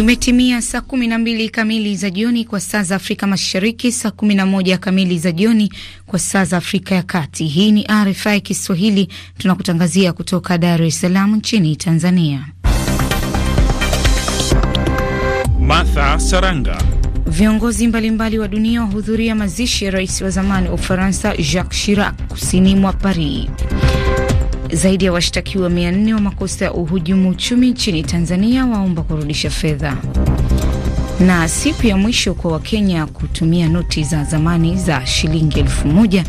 Imetimia saa 12 kamili za jioni kwa saa za Afrika Mashariki, saa 11 kamili za jioni kwa saa za Afrika ya Kati. Hii ni RFI Kiswahili, tunakutangazia kutoka Dar es Salaam nchini Tanzania. Martha Saranga. Viongozi mbalimbali wa dunia wahudhuria mazishi ya rais wa zamani wa Ufaransa Jacques Chirac kusini mwa Paris. Zaidi ya washtakiwa 4 wa makosa ya uhujumu uchumi nchini Tanzania waomba kurudisha fedha. Na siku ya mwisho kwa Wakenya kutumia noti za zamani za shilingi elfu moja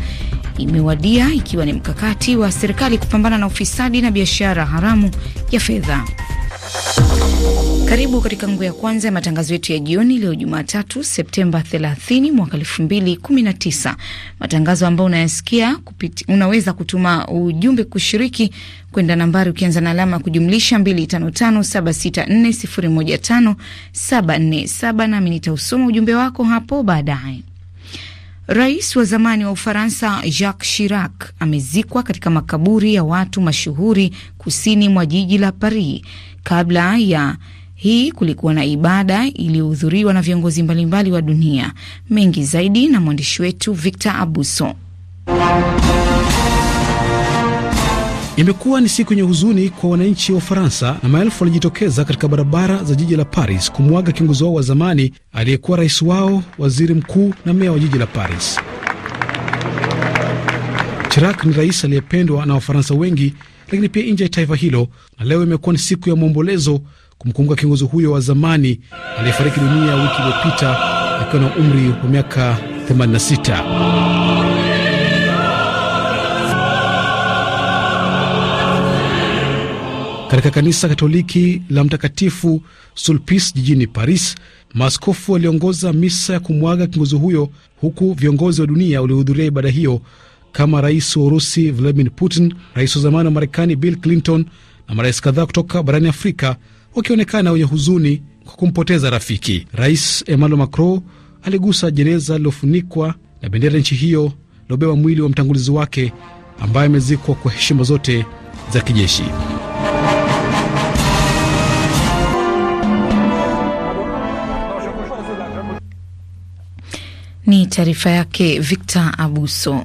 imewadia ikiwa ni mkakati wa serikali kupambana na ufisadi na biashara haramu ya fedha. Karibu katika nguo ya kwanza ya matangazo yetu ya jioni leo Jumatatu, Septemba 30 mwaka 2019. Matangazo ambayo unayasikia unaweza kutuma ujumbe kushiriki kwenda nambari ukianza na alama ya kujumlisha 255764015747, nami nitausoma ujumbe wako hapo baadaye. Rais wa zamani wa Ufaransa Jacques Chirac amezikwa katika makaburi ya watu mashuhuri kusini mwa jiji la Paris. Kabla ya hii kulikuwa na ibada iliyohudhuriwa na viongozi mbalimbali wa dunia. Mengi zaidi na mwandishi wetu Victor Abuso. Imekuwa ni siku yenye huzuni kwa wananchi wa Ufaransa, na maelfu walijitokeza katika barabara za jiji la Paris kumwaga kiongozi wao wa zamani aliyekuwa rais wao, waziri mkuu na meya wa jiji la Paris. Chirac ni rais aliyependwa na Wafaransa wengi lakini pia nje ya taifa hilo, na leo imekuwa ni siku ya maombolezo kumkumbuka kiongozi huyo wa zamani aliyefariki dunia wiki iliyopita akiwa na umri wa miaka 86. Katika kanisa Katoliki la Mtakatifu Sulpice jijini Paris, maaskofu waliongoza misa ya kumwaga kiongozi huyo, huku viongozi wa dunia waliohudhuria ibada hiyo kama rais wa Urusi Vladimir Putin, rais wa zamani wa Marekani Bill Clinton na marais kadhaa kutoka barani Afrika wakionekana wenye huzuni kwa kumpoteza rafiki. Rais Emmanuel Macron aligusa jeneza lililofunikwa na bendera nchi hiyo lilobeba mwili wa mtangulizi wake ambaye amezikwa kwa heshima zote za kijeshi. Ni taarifa yake Victor Abuso.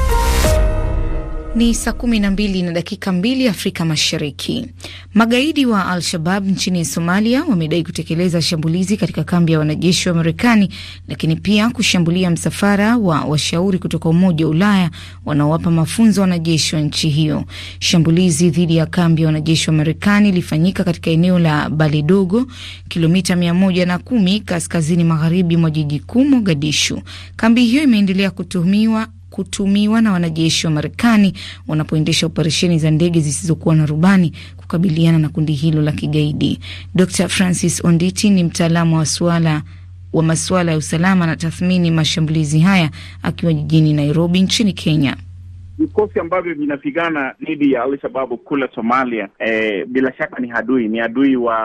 Ni saa kumi na mbili na dakika mbili Afrika Mashariki. Magaidi wa Al-Shabab nchini Somalia wamedai kutekeleza shambulizi katika kambi ya wanajeshi wa Marekani, lakini pia kushambulia msafara wa washauri kutoka Umoja wa Ulaya wanaowapa mafunzo wanajeshi wa nchi hiyo. Shambulizi dhidi ya kambi ya wanajeshi wa Marekani ilifanyika katika eneo la Baledogo, kilomita 110 kaskazini magharibi mwa jiji kuu Mogadishu. Kambi hiyo imeendelea kutuhumiwa kutumiwa na wanajeshi wa Marekani wanapoendesha operesheni za ndege zisizokuwa na rubani kukabiliana na kundi hilo la kigaidi. Dr Francis Onditi ni mtaalamu wa suala wa masuala ya usalama na tathmini mashambulizi haya akiwa jijini Nairobi nchini Kenya vikosi ambavyo vinapigana dhidi ya Alshababu kula Somalia, eh, bila shaka ni adui, ni adui wa,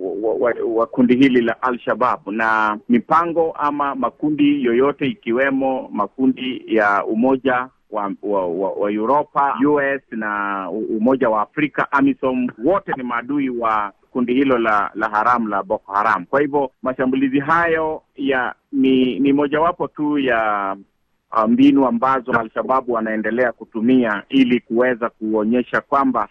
wa, wa, wa kundi hili la Alshabab na mipango ama makundi yoyote ikiwemo makundi ya Umoja wa, wa, wa, wa Europa, US na Umoja wa Afrika, AMISOM, wote ni maadui wa kundi hilo la la haramu la Boko Haram. Kwa hivyo mashambulizi hayo ya ni ni mojawapo tu ya Uh, mbinu ambazo Alshababu wanaendelea kutumia ili kuweza kuonyesha kwamba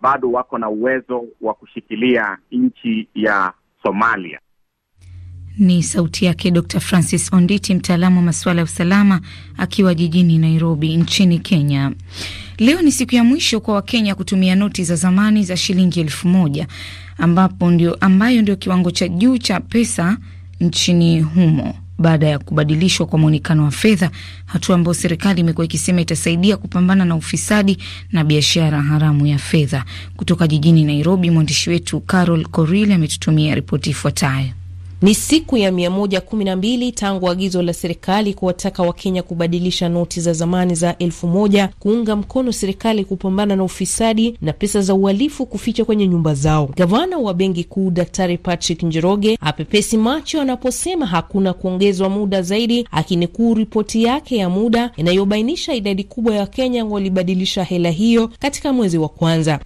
bado wako na uwezo wa kushikilia nchi ya Somalia. Ni sauti yake Dr Francis Onditi, mtaalamu wa masuala ya usalama akiwa jijini Nairobi nchini Kenya. Leo ni siku ya mwisho kwa Wakenya kutumia noti za zamani za shilingi elfu moja ambapo ndio, ambayo ndio kiwango cha juu cha pesa nchini humo baada ya kubadilishwa kwa mwonekano wa fedha, hatua ambayo serikali imekuwa ikisema itasaidia kupambana na ufisadi na biashara haramu ya fedha. Kutoka jijini Nairobi, mwandishi wetu Carol Koril ametutumia ripoti ifuatayo. Ni siku ya 112 tangu agizo la serikali kuwataka Wakenya kubadilisha noti za zamani za elfu moja kuunga mkono serikali kupambana na ufisadi na pesa za uhalifu kuficha kwenye nyumba zao. Gavana wa Benki Kuu Daktari Patrick Njoroge apepesi macho anaposema hakuna kuongezwa muda zaidi, akinukuu ripoti yake ya muda inayobainisha idadi kubwa ya Wakenya walibadilisha hela hiyo katika mwezi wa kwanza.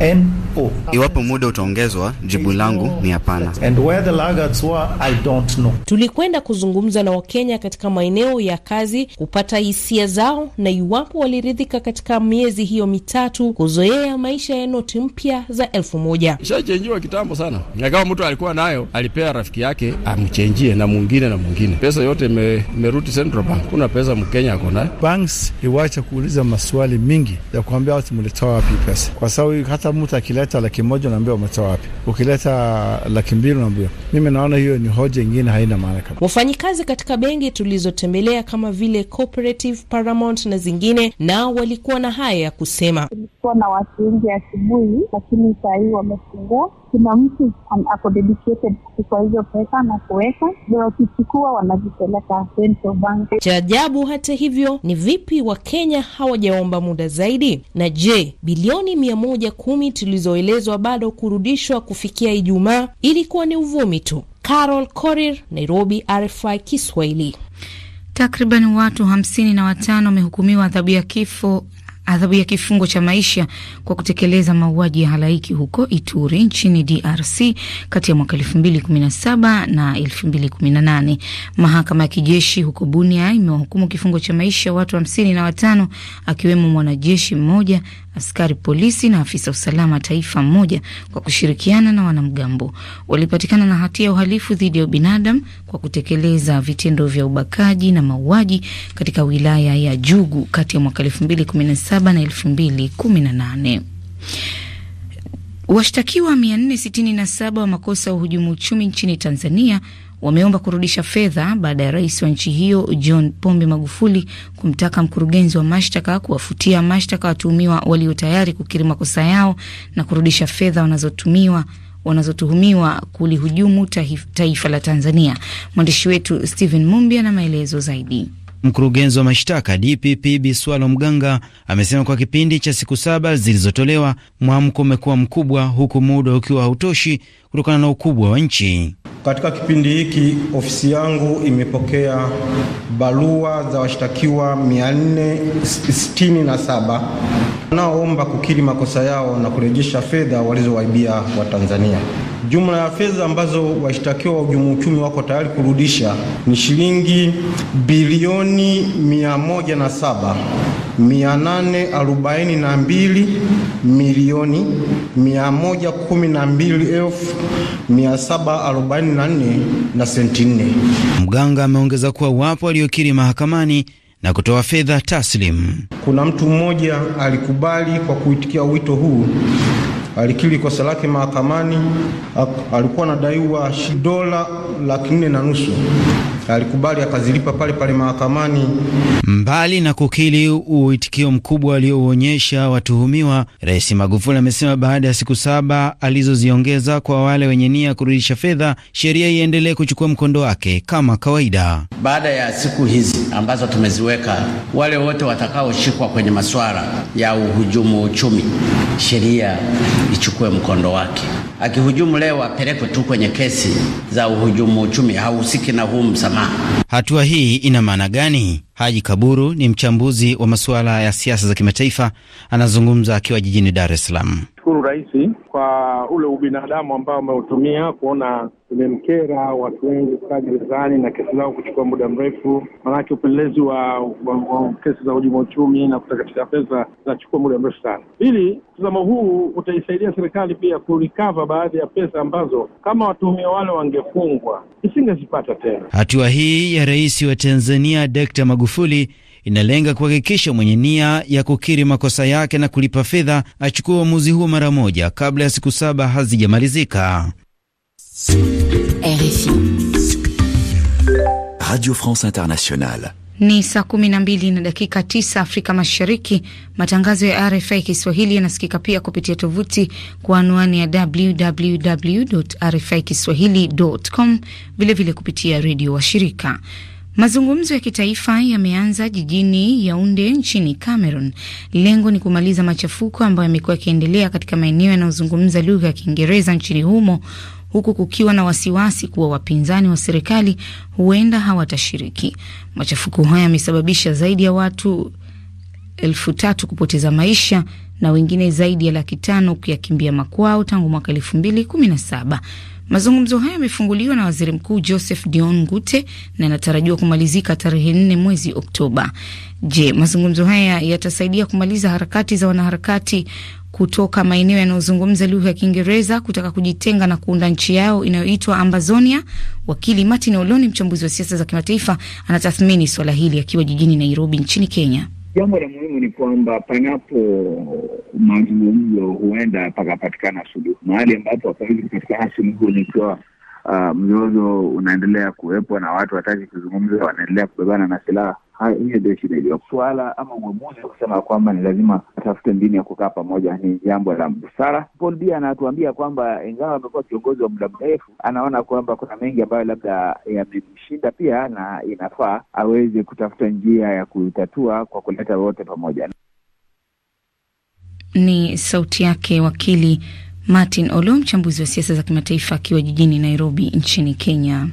NO. Iwapo muda utaongezwa, jibu langu ni hapana. And where the laggards were, I don't know. Tulikwenda kuzungumza na Wakenya katika maeneo ya kazi kupata hisia zao na iwapo waliridhika katika miezi hiyo mitatu kuzoea maisha ya noti mpya za elfu moja. Ishachenjiwa kitambo sana, kama mtu alikuwa nayo alipea rafiki yake amchenjie na mwingine na mwingine. Pesa yote imerudi Central Bank. Kuna pesa Mkenya ako nayo. Banks iwacha kuuliza maswali mingi ya kuambia watu mlitoa wapi pesa, kwa sababu hata mtu akileta laki moja unaambia umetoa wapi? ukileta laki mbili unaambia mimi naona hiyo ni hoja ingine haina maana kabisa. Wafanyikazi katika benki tulizotembelea kama vile Cooperative, Paramount na zingine, nao walikuwa na haya ya kusema. Kulikuwa na watu wengi asubuhi, lakini saa hii wamefungua kuna mtu ako dedicated kuchukua hizo pesa na kuweka, ndio wakichukua wanazipeleka central bank. Cha ajabu hata hivyo ni vipi Wakenya hawajaomba muda zaidi? Na je, bilioni mia moja kumi tulizoelezwa bado kurudishwa kufikia Ijumaa ilikuwa ni uvumi tu. Carol Korir, Nairobi, RFI Kiswahili. Takriban watu hamsini na watano wamehukumiwa adhabu ya kifo adhabu ya kifungo cha maisha kwa kutekeleza mauaji ya halaiki huko Ituri nchini DRC kati ya mwaka 2017 na 2018. Mahakama ya kijeshi huko Bunia imewahukumu kifungo cha maisha watu hamsini na watano akiwemo mwanajeshi mmoja askari polisi na afisa usalama taifa mmoja kwa kushirikiana na wanamgambo walipatikana na hatia ya uhalifu dhidi ya binadamu kwa kutekeleza vitendo vya ubakaji na mauaji katika wilaya ya Jugu kati ya mwaka 2017 na 2018. Washtakiwa 467 wa makosa ya uhujumu uchumi nchini Tanzania wameomba kurudisha fedha baada ya rais wa nchi hiyo John Pombe Magufuli kumtaka mkurugenzi wa mashtaka kuwafutia mashtaka watuhumiwa walio tayari kukiri makosa yao na kurudisha fedha wanazotumiwa wanazotuhumiwa kulihujumu taifa la Tanzania. Mwandishi wetu Stephen mumbi ana maelezo zaidi. Mkurugenzi wa mashtaka DPP Biswalo Mganga amesema kwa kipindi cha siku saba zilizotolewa, mwamko umekuwa mkubwa, huku muda ukiwa hautoshi kutokana na ukubwa wa nchi. Katika kipindi hiki ofisi yangu imepokea barua za washtakiwa 467 wanaoomba kukiri makosa yao na kurejesha fedha walizowaibia Watanzania. Jumla ya fedha ambazo washtakiwa wa uhujumu uchumi wako tayari kurudisha ni shilingi bilioni 107 milioni 112,744 na senti 4. Mganga ameongeza kuwa wapo waliokiri mahakamani na kutoa fedha taslim. Kuna mtu mmoja alikubali kwa kuitikia wito huu alikiri kosa lake mahakamani. Alikuwa anadaiwa dola laki nne na nusu, alikubali akazilipa pale pale mahakamani. Mbali na kukili uitikio mkubwa aliouonyesha watuhumiwa, Rais Magufuli amesema baada ya siku saba alizoziongeza kwa wale wenye nia kurudisha fedha, sheria iendelee kuchukua mkondo wake kama kawaida. Baada ya siku hizi ambazo tumeziweka, wale wote watakaoshikwa kwenye masuala ya uhujumu uchumi, sheria ichukue mkondo wake. Akihujumu leo apelekwe tu kwenye kesi za uhujumu uchumi, hahusiki na huu msamaha. Hatua hii ina maana gani? Haji Kaburu ni mchambuzi wa masuala ya siasa za kimataifa, anazungumza akiwa jijini Dar es Salaam. Shukuru rais kwa ule ubinadamu ambao ameutumia kuona imemkera watu wengi kukaa gerezani na kesi zao kuchukua muda mrefu, maanake upelelezi wa, wa, wa kesi za hujuma uchumi na kutakatisha pesa zinachukua muda mrefu sana. Pili, mtazamo huu utaisaidia serikali pia kurikava baadhi ya pesa ambazo kama watuhumiwa wale wangefungwa isingezipata tena. Hatua hii ya rais wa Tanzania Dkt Magufuli inalenga kuhakikisha mwenye nia ya kukiri makosa yake na kulipa fedha achukua uamuzi huo mara moja kabla ya siku saba hazijamalizika. RFI. Radio France Internationale. Ni saa kumi na mbili na dakika tisa Afrika Mashariki. Matangazo ya RFI Kiswahili yanasikika pia kupitia tovuti kwa anwani ya www RFI kiswahilicom, vilevile kupitia redio wa shirika. Mazungumzo ya kitaifa yameanza jijini Yaunde nchini Cameroon. Lengo ni kumaliza machafuko ambayo yamekuwa yakiendelea katika maeneo yanayozungumza lugha ya Kiingereza nchini humo huku kukiwa na wasiwasi kuwa wapinzani wa serikali huenda hawatashiriki. Machafuko haya yamesababisha zaidi ya watu elfu tatu kupoteza maisha na wengine zaidi ya laki tano kuyakimbia makwao tangu mwaka elfu mbili kumi na saba. Mazungumzo hayo yamefunguliwa na waziri mkuu Joseph Dion Ngute na yanatarajiwa kumalizika tarehe nne mwezi Oktoba. Je, mazungumzo haya yatasaidia kumaliza harakati za wanaharakati kutoka maeneo yanayozungumza lugha ya Kiingereza kutaka kujitenga na kuunda nchi yao inayoitwa Ambazonia. Wakili Martin Oloni, mchambuzi wa siasa za kimataifa, anatathmini swala hili akiwa jijini Nairobi nchini Kenya. Jambo la muhimu ni kwamba panapo mazungumzo huenda pakapatikana suluhu, mahali ambapo hapawezi kupatikana suluhu nikiwa uh, ah, mzozo unaendelea kuwepo na watu wataki kuzungumza, wanaendelea kubebana na silaha Ah, hiyo ndio shida iliyopo. Suala ama uamuzi wa kusema kwamba ni lazima atafute mbinu ya kukaa pamoja ni jambo la busara. Paul Bia anatuambia kwamba ingawa amekuwa kiongozi wa muda mrefu, anaona kwamba kuna mengi ambayo labda yamemshinda pia, na inafaa aweze kutafuta njia ya kuitatua kwa kuleta wote pamoja. Ni sauti yake wakili Martin Olo, mchambuzi wa siasa za kimataifa akiwa jijini Nairobi nchini Kenya.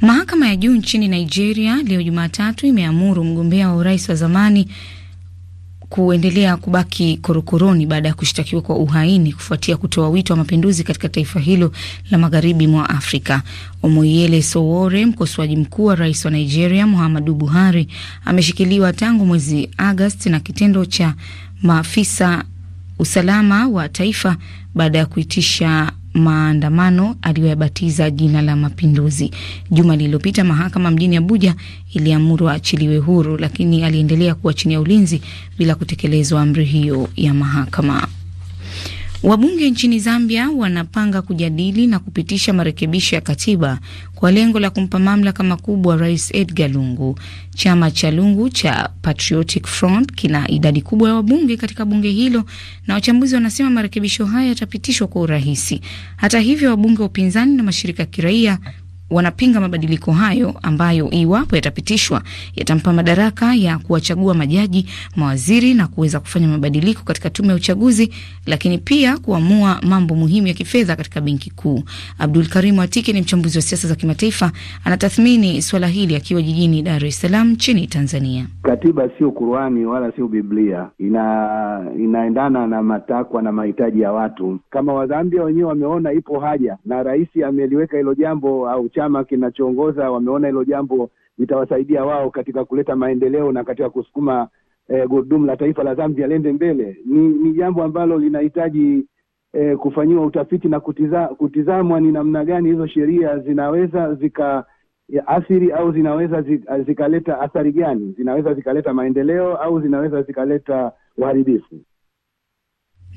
Mahakama ya juu nchini Nigeria leo Jumatatu imeamuru mgombea wa urais wa zamani kuendelea kubaki korokoroni baada ya kushtakiwa kwa uhaini kufuatia kutoa wito wa mapinduzi katika taifa hilo la magharibi mwa Afrika. Omoyele Sowore, mkosoaji mkuu wa rais wa Nigeria Muhammadu Buhari, ameshikiliwa tangu mwezi Agosti na kitendo cha maafisa usalama wa taifa baada ya kuitisha maandamano aliyoyabatiza jina la mapinduzi. Juma lililopita mahakama mjini Abuja iliamuru aachiliwe huru, lakini aliendelea kuwa chini ya ulinzi bila kutekelezwa amri hiyo ya mahakama. Wabunge nchini Zambia wanapanga kujadili na kupitisha marekebisho ya katiba kwa lengo la kumpa mamlaka makubwa Rais Edgar Lungu. Chama cha Lungu cha Patriotic Front kina idadi kubwa ya wabunge katika bunge hilo, na wachambuzi wanasema marekebisho haya yatapitishwa kwa urahisi. Hata hivyo, wabunge wa upinzani na mashirika ya kiraia wanapinga mabadiliko hayo ambayo iwapo yatapitishwa yatampa madaraka ya kuwachagua majaji, mawaziri na kuweza kufanya mabadiliko katika tume ya uchaguzi, lakini pia kuamua mambo muhimu ya kifedha katika benki kuu. Abdul Karimu Atiki ni mchambuzi wa siasa za kimataifa, anatathmini swala hili akiwa jijini Dar es Salaam nchini Tanzania. Katiba sio Kurani wala sio Biblia, ina inaendana na matakwa na mahitaji ya watu. Kama Wazambia wenyewe wameona ipo haja na rais ameliweka hilo jambo au chama kinachoongoza wameona hilo jambo litawasaidia wao katika kuleta maendeleo na katika kusukuma eh, gurudumu la taifa la Zambia lende mbele. Ni, ni jambo ambalo linahitaji eh, kufanyiwa utafiti na kutiza, kutizamwa ni namna gani hizo sheria zinaweza zika au zinaweza zikaleta athari gani, zinaweza zikaleta maendeleo au zinaweza zikaleta uharibifu.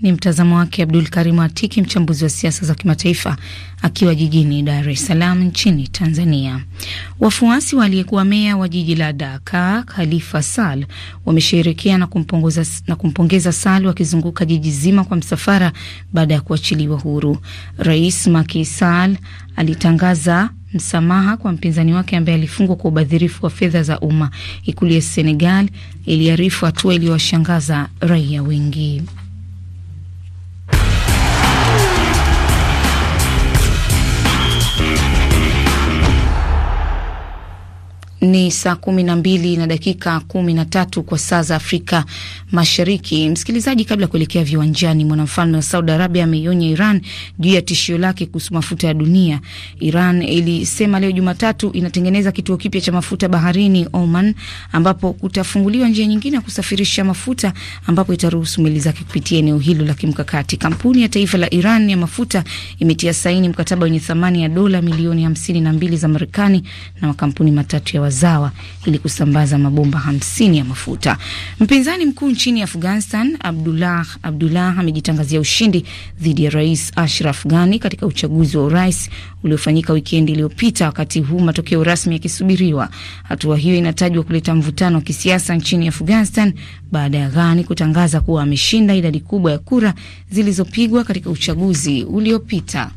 Ni mtazamo wake Abdul Karimu Atiki, mchambuzi wa siasa za kimataifa akiwa jijini Dar es Salaam nchini Tanzania. Wafuasi waliyekuwa meya wa jiji la daka Khalifa Sal wamesherekea na, na kumpongeza Sal wakizunguka jiji zima kwa msafara baada ya kuachiliwa huru. Rais Macky Sall alitangaza msamaha kwa mpinzani wake ambaye alifungwa kwa ubadhirifu wa fedha za umma. Ikulu ya Senegal iliarifu hatua iliyowashangaza raia wengi. Ni saa kumi na mbili na dakika kumi na tatu kwa saa za Afrika Mashariki. Msikilizaji, kabla ya kuelekea viwanjani, mwanamfalme wa Saudi Arabia ameionya Iran juu ya tishio lake kuhusu mafuta ya dunia. Iran ilisema leo Jumatatu inatengeneza kituo kipya cha mafuta baharini Oman, ambapo kutafunguliwa njia nyingine ya kusafirisha mafuta, ambapo itaruhusu meli zake kupitia eneo hilo la kimkakati. Kampuni ya taifa la Iran ya mafuta imetia saini mkataba wenye thamani ya dola milioni hamsini na mbili za Marekani na makampuni matatu ya wazi. Zawa ili kusambaza mabomba hamsini ya mafuta. Mpinzani mkuu nchini Afghanistan Abdullah Abdullah amejitangazia ushindi dhidi ya Rais Ashraf Ghani katika uchaguzi wa urais uliofanyika wikendi iliyopita, wakati huu matokeo rasmi yakisubiriwa. Hatua hiyo inatajwa kuleta mvutano wa kisiasa nchini Afghanistan baada ya Ghani kutangaza kuwa ameshinda idadi kubwa ya kura zilizopigwa katika uchaguzi uliopita.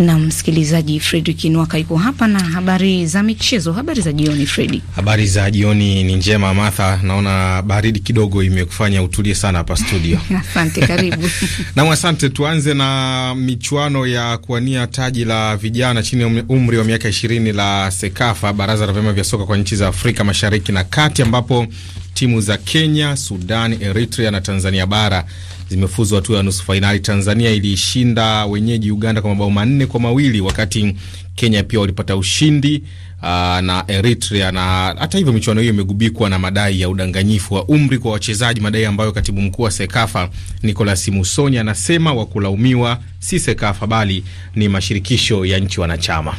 na msikilizaji Fredrick Nwaka yuko hapa na habari za michezo. Habari za jioni Fredi. Habari za jioni ni njema Martha, naona baridi kidogo imekufanya utulie sana hapa studio. Asante, karibu. Na asante. Tuanze na michuano ya kuwania taji la vijana chini ya umri wa miaka ishirini la Sekafa, baraza la vyama vya soka kwa nchi za Afrika Mashariki na Kati, ambapo timu za Kenya, Sudan, Eritrea na Tanzania bara zimefuzwa hatua ya nusu fainali. Tanzania iliishinda wenyeji Uganda kwa mabao manne kwa mawili wakati Kenya pia walipata ushindi uh, na Eritrea. Na hata hivyo michuano hiyo imegubikwa na madai ya udanganyifu wa umri kwa wachezaji, madai ambayo katibu mkuu wa Sekafa Nicolas musoni anasema wakulaumiwa si Sekafa bali ni mashirikisho ya nchi wanachama.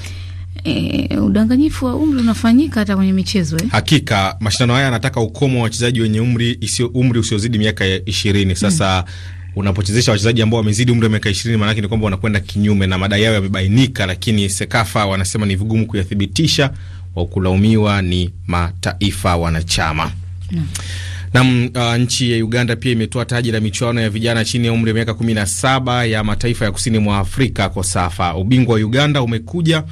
Eh, udanganyifu wa umri unafanyika hata kwenye michezo eh? Hakika mashindano haya yanataka ukomo wa wachezaji wenye umri isio, umri usiozidi miaka ishirini. Sasa mm. unapochezesha wachezaji ambao wamezidi umri wa miaka ishirini, maanake ni kwamba wanakwenda kinyume na madai yao yamebainika, lakini Sekafa wanasema ni vigumu kuyathibitisha, wa kulaumiwa ni mataifa wanachama mm. Nam uh, nchi ya Uganda pia imetoa taji la michuano ya vijana chini ya umri wa miaka kumi na saba ya mataifa ya kusini mwa Afrika, KOSAFA. Ubingwa wa Uganda umekuja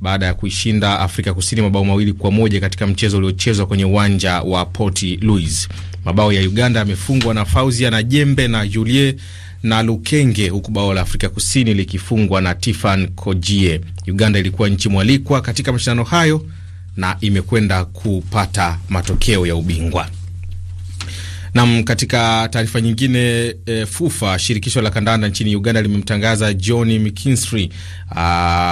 baada ya kuishinda Afrika Kusini mabao mawili kwa moja katika mchezo uliochezwa kwenye uwanja wa Port Louis. Mabao ya Uganda yamefungwa na Fauzia na Jembe na Julie na Lukenge, huku bao la Afrika Kusini likifungwa na Tifan Kojie. Uganda ilikuwa nchi mwalikwa katika mashindano hayo na imekwenda kupata matokeo ya ubingwa. Nam, katika taarifa nyingine e, FUFA shirikisho la kandanda nchini Uganda limemtangaza John McKinstry a,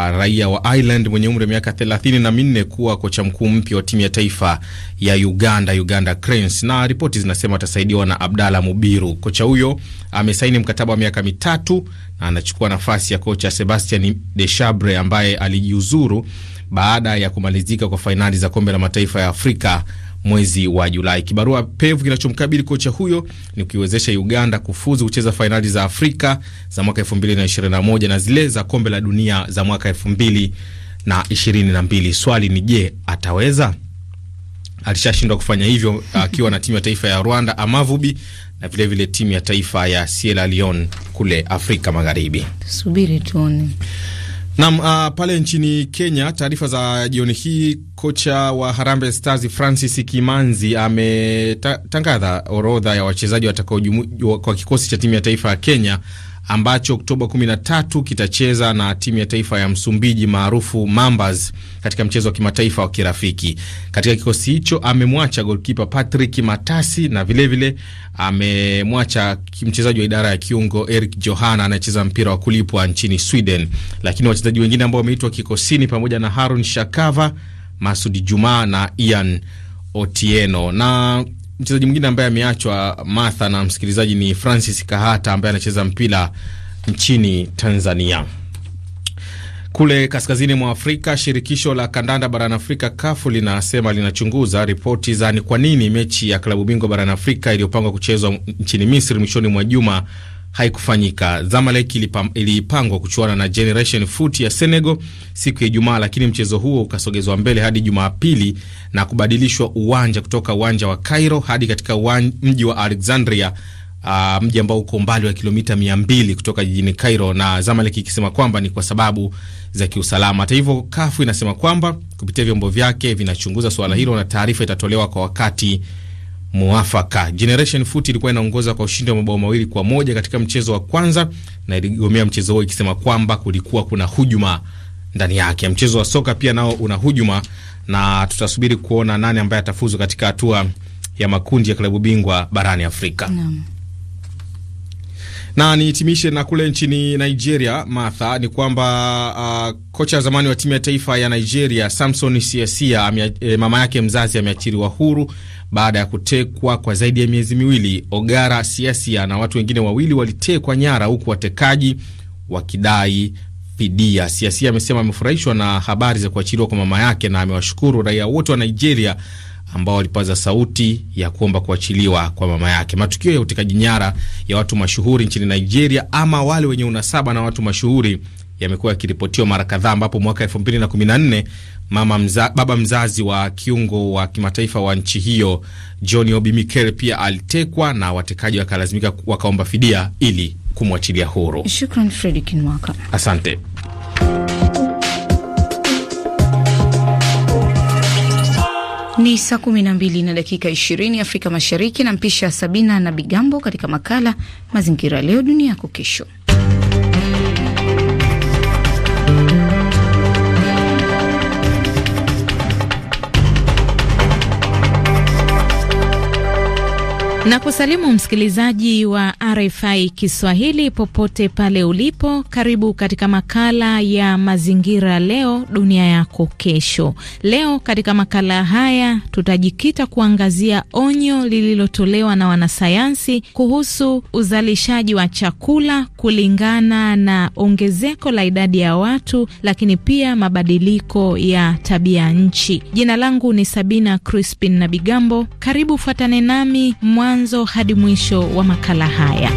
ah, raia wa Ireland mwenye umri wa miaka thelathini na minne kuwa kocha mkuu mpya wa timu ya taifa ya Uganda, Uganda Cranes, na ripoti zinasema atasaidiwa na Abdalla Mubiru. Kocha huyo amesaini mkataba wa miaka mitatu na anachukua nafasi ya kocha Sebastian Deshabre ambaye alijiuzuru baada ya kumalizika kwa fainali za kombe la mataifa ya Afrika mwezi wa Julai. Kibarua pevu kinachomkabili kocha huyo ni kuiwezesha Uganda kufuzu kucheza fainali za Afrika za mwaka 2021 na zile za kombe la dunia za mwaka 2022. Swali ni je, ataweza? Alishashindwa kufanya hivyo akiwa na timu ya taifa ya Rwanda Amavubi na vilevile timu ya taifa ya Sierra Leone kule Afrika Magharibi. Subiri tuone. Nam uh, pale nchini Kenya, taarifa za jioni hii. Kocha wa Harambee Stars Francis Kimanzi ametangaza orodha ya wachezaji watakaojumu kwa kikosi cha timu ya taifa ya Kenya ambacho Oktoba 13 kitacheza na timu ya taifa ya Msumbiji maarufu Mambas katika mchezo wa kimataifa wa kirafiki. Katika kikosi hicho amemwacha golkipa Patrick Matasi na vilevile amemwacha mchezaji wa idara ya kiungo Eric Johana anayecheza mpira wa kulipwa nchini Sweden, lakini wachezaji wengine ambao wameitwa kikosini pamoja na Harun Shakava, Masudi Juma na Ian Otieno. Na Mchezaji mwingine ambaye ameachwa Martha na msikilizaji ni Francis Kahata ambaye anacheza mpira nchini Tanzania. Kule kaskazini mwa Afrika, shirikisho la kandanda barani Afrika kafu linasema linachunguza ripoti za ni kwa nini mechi ya klabu bingwa barani Afrika iliyopangwa kuchezwa nchini Misri mwishoni mwa juma haikufanyika. Zamalek ilipangwa kuchuana na Generation Foot ya Senegal siku ya Ijumaa, lakini mchezo huo ukasogezwa mbele hadi Jumapili na kubadilishwa uwanja kutoka uwanja wa Cairo hadi katika mji wa Alexandria, uh, mji ambao uko umbali wa kilomita mia mbili kutoka jijini Cairo, na Zamalek ikisema kwamba ni kwa sababu za kiusalama. Hata hivyo, kafu inasema kwamba kupitia vyombo vyake vinachunguza suala hilo na taarifa itatolewa kwa wakati mwafaka Generation Foot ilikuwa inaongoza kwa ushindi wa mabao mawili kwa moja katika mchezo wa kwanza na iligomea mchezo huo ikisema kwamba kulikuwa kuna hujuma ndani yake. Mchezo wa soka pia nao una hujuma na tutasubiri kuona nani ambaye atafuzu katika hatua ya makundi ya klabu bingwa barani Afrika. Naam. Na nihitimishe na kule nchini Nigeria, Martha, ni kwamba uh, kocha wa zamani wa timu ya taifa ya Nigeria Samson Siasia e, mama yake mzazi ameachiriwa huru baada ya kutekwa kwa zaidi ya miezi miwili. Ogara Siasia na watu wengine wawili walitekwa nyara, huku watekaji wakidai fidia. Siasia amesema amefurahishwa na habari za kuachiriwa kwa mama yake na amewashukuru raia wote wa Nigeria ambao walipaza sauti ya kuomba kuachiliwa kwa mama yake. Matukio ya utekaji nyara ya watu mashuhuri nchini Nigeria ama wale wenye unasaba na watu mashuhuri yamekuwa yakiripotiwa mara kadhaa, ambapo mwaka nne mama mza, baba mzazi wa kiungo wa kimataifa wa nchi hiyo John Obi Mikel pia alitekwa na watekaji wakalazimika wakaomba fidia ili kumwachilia huru. Shukran Fredrick Nwaka, asante. Ni saa kumi na mbili na dakika ishirini Afrika Mashariki, na mpisha Sabina na Bigambo katika makala Mazingira Leo Dunia Yako Kesho. na kusalimu msikilizaji wa RFI Kiswahili popote pale ulipo. Karibu katika makala ya mazingira leo, dunia yako kesho. Leo katika makala haya tutajikita kuangazia onyo lililotolewa na wanasayansi kuhusu uzalishaji wa chakula kulingana na ongezeko la idadi ya watu, lakini pia mabadiliko ya tabia nchi. Jina langu ni Sabina Crispin na Bigambo. Karibu fuatane nami mwanzo hadi mwisho wa makala haya.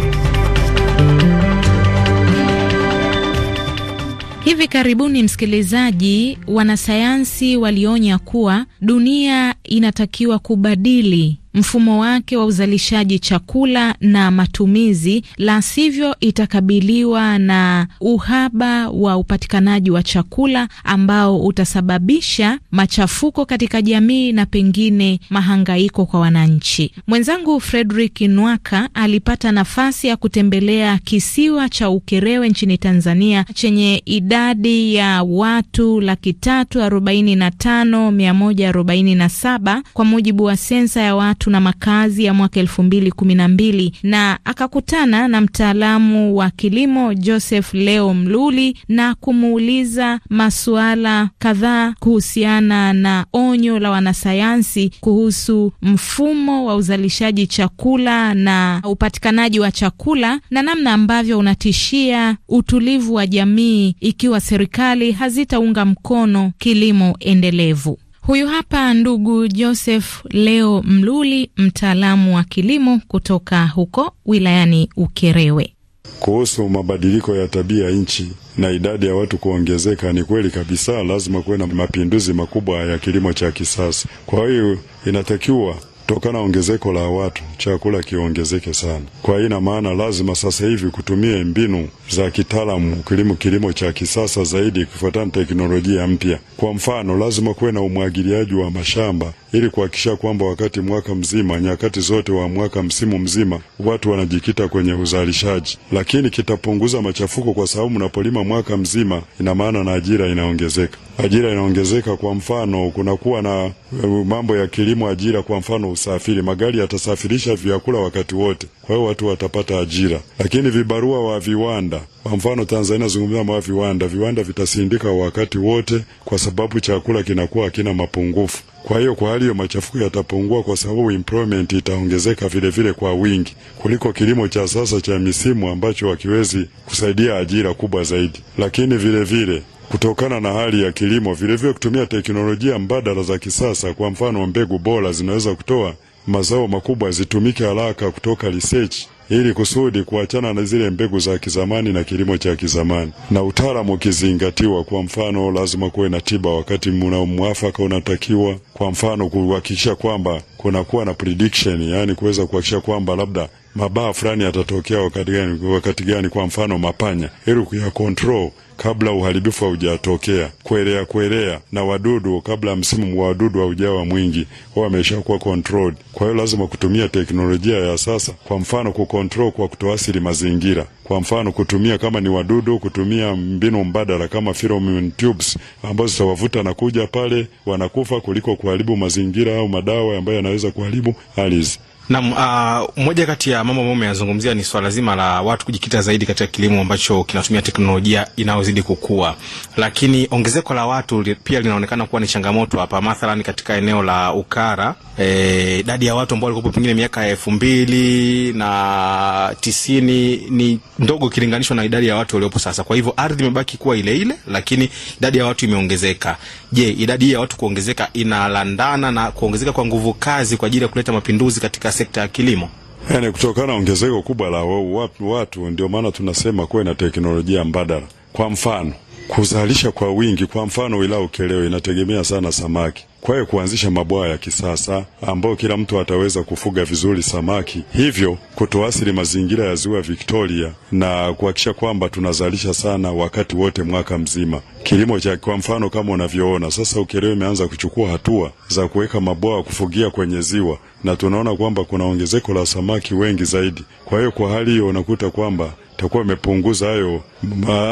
Hivi karibuni, msikilizaji, wanasayansi walionya kuwa dunia inatakiwa kubadili mfumo wake wa uzalishaji chakula na matumizi, la sivyo itakabiliwa na uhaba wa upatikanaji wa chakula ambao utasababisha machafuko katika jamii na pengine mahangaiko kwa wananchi. Mwenzangu Frederick Nwaka alipata nafasi ya kutembelea kisiwa cha Ukerewe nchini Tanzania chenye idadi ya watu laki tatu arobaini na tano mia moja arobaini na saba kwa mujibu wa sensa ya watu watu na makazi ya mwaka elfu mbili kumi na mbili na akakutana na mtaalamu wa kilimo Joseph Leo Mluli na kumuuliza masuala kadhaa kuhusiana na onyo la wanasayansi kuhusu mfumo wa uzalishaji chakula na upatikanaji wa chakula na namna ambavyo unatishia utulivu wa jamii ikiwa serikali hazitaunga mkono kilimo endelevu. Huyu hapa ndugu Joseph Leo Mluli, mtaalamu wa kilimo kutoka huko wilayani Ukerewe. Kuhusu mabadiliko ya tabia nchi na idadi ya watu kuongezeka, ni kweli kabisa, lazima kuwe na mapinduzi makubwa ya kilimo cha kisasa. Kwa hiyo inatakiwa kutokana na ongezeko la watu, chakula kiongezeke sana. Kwa ina maana lazima sasa hivi kutumie mbinu za kitaalamu, kilimo kilimo cha kisasa zaidi kufuatana teknolojia mpya. Kwa mfano, lazima kuwe na umwagiliaji wa mashamba ili kuhakikisha kwamba wakati mwaka mzima, nyakati zote wa mwaka, msimu mzima, watu wanajikita kwenye uzalishaji, lakini kitapunguza machafuko, kwa sababu mnapolima mwaka mzima, ina maana na ajira inaongezeka. Ajira inaongezeka, kwa mfano kunakuwa na eh, mambo ya kilimo, ajira kwa mfano kusafiri, magari yatasafirisha vyakula wakati wote, kwa hiyo watu watapata ajira. Lakini vibarua wa viwanda, kwa mfano Tanzania zungumza mwa viwanda, viwanda vitasindika wakati wote, kwa sababu chakula kinakuwa hakina mapungufu. Kwa hiyo kwa hali hiyo machafuko yatapungua, kwa sababu employment itaongezeka vile vile kwa wingi, kuliko kilimo cha sasa cha misimu ambacho hakiwezi kusaidia ajira kubwa zaidi, lakini vile vile kutokana na hali ya kilimo. Vilevile kutumia teknolojia mbadala za kisasa, kwa mfano mbegu bora zinaweza kutoa mazao makubwa zitumike haraka kutoka research ili kusudi kuachana na zile mbegu za kizamani na kilimo cha kizamani, na utaalamu ukizingatiwa. Kwa mfano, lazima kuwe na tiba wakati mna mwafaka unatakiwa, kwa mfano kuhakikisha kwamba kunakuwa na prediction, yani kuweza kuhakikisha kwamba labda mabaa fulani yatatokea wakati gani, wakati gani, kwa mfano mapanya, ili kuya control kabla uharibifu haujatokea, kuelea kuelea na wadudu, kabla msimu wa wadudu haujawa mwingi, wao wameshakuwa controlled. Kwa hiyo lazima kutumia teknolojia ya sasa, kwa mfano kucontrol kwa kutoasili mazingira kwa mfano kutumia kama ni wadudu, kutumia mbinu mbadala kama pheromone tubes ambazo zitawavuta na kuja pale, wanakufa kuliko kuharibu mazingira au madawa ambayo yanaweza kuharibu ardhi. Naam, uh, moja kati ya mambo ambayo umeyazungumzia ni swala zima la watu kujikita zaidi katika kilimo ambacho kinatumia teknolojia inayozidi kukua, lakini ongezeko la watu pia linaonekana kuwa ni changamoto hapa. Mathalan katika eneo la Ukara, eh, idadi e, ya watu ambao walikuwa pengine miaka ya elfu mbili na tisini ni ndogo ikilinganishwa na idadi ya watu waliopo sasa. Kwa hivyo ardhi imebaki kuwa ile ile, lakini idadi ya watu imeongezeka. Je, idadi ya watu kuongezeka inalandana na kuongezeka kwa nguvu kazi kwa ajili ya kuleta mapinduzi katika sekta ya kilimo? Yani, kutokana na ongezeko kubwa la watu, watu ndio maana tunasema kuwe na teknolojia mbadala. Kwa mfano kuzalisha kwa wingi. Kwa mfano, wilaya Ukerewe inategemea sana samaki. Kwa hiyo kuanzisha mabwawa ya kisasa ambayo kila mtu ataweza kufuga vizuri samaki, hivyo kutoathiri mazingira ya ziwa Victoria na kuhakikisha kwamba tunazalisha sana wakati wote mwaka mzima. Kilimo cha kwa mfano kama unavyoona sasa, Ukerewe imeanza kuchukua hatua za kuweka mabwawa kufugia kwenye ziwa na tunaona kwamba kuna ongezeko la samaki wengi zaidi. Kwa hiyo kwa hali hiyo unakuta kwamba itakuwa imepunguza hayo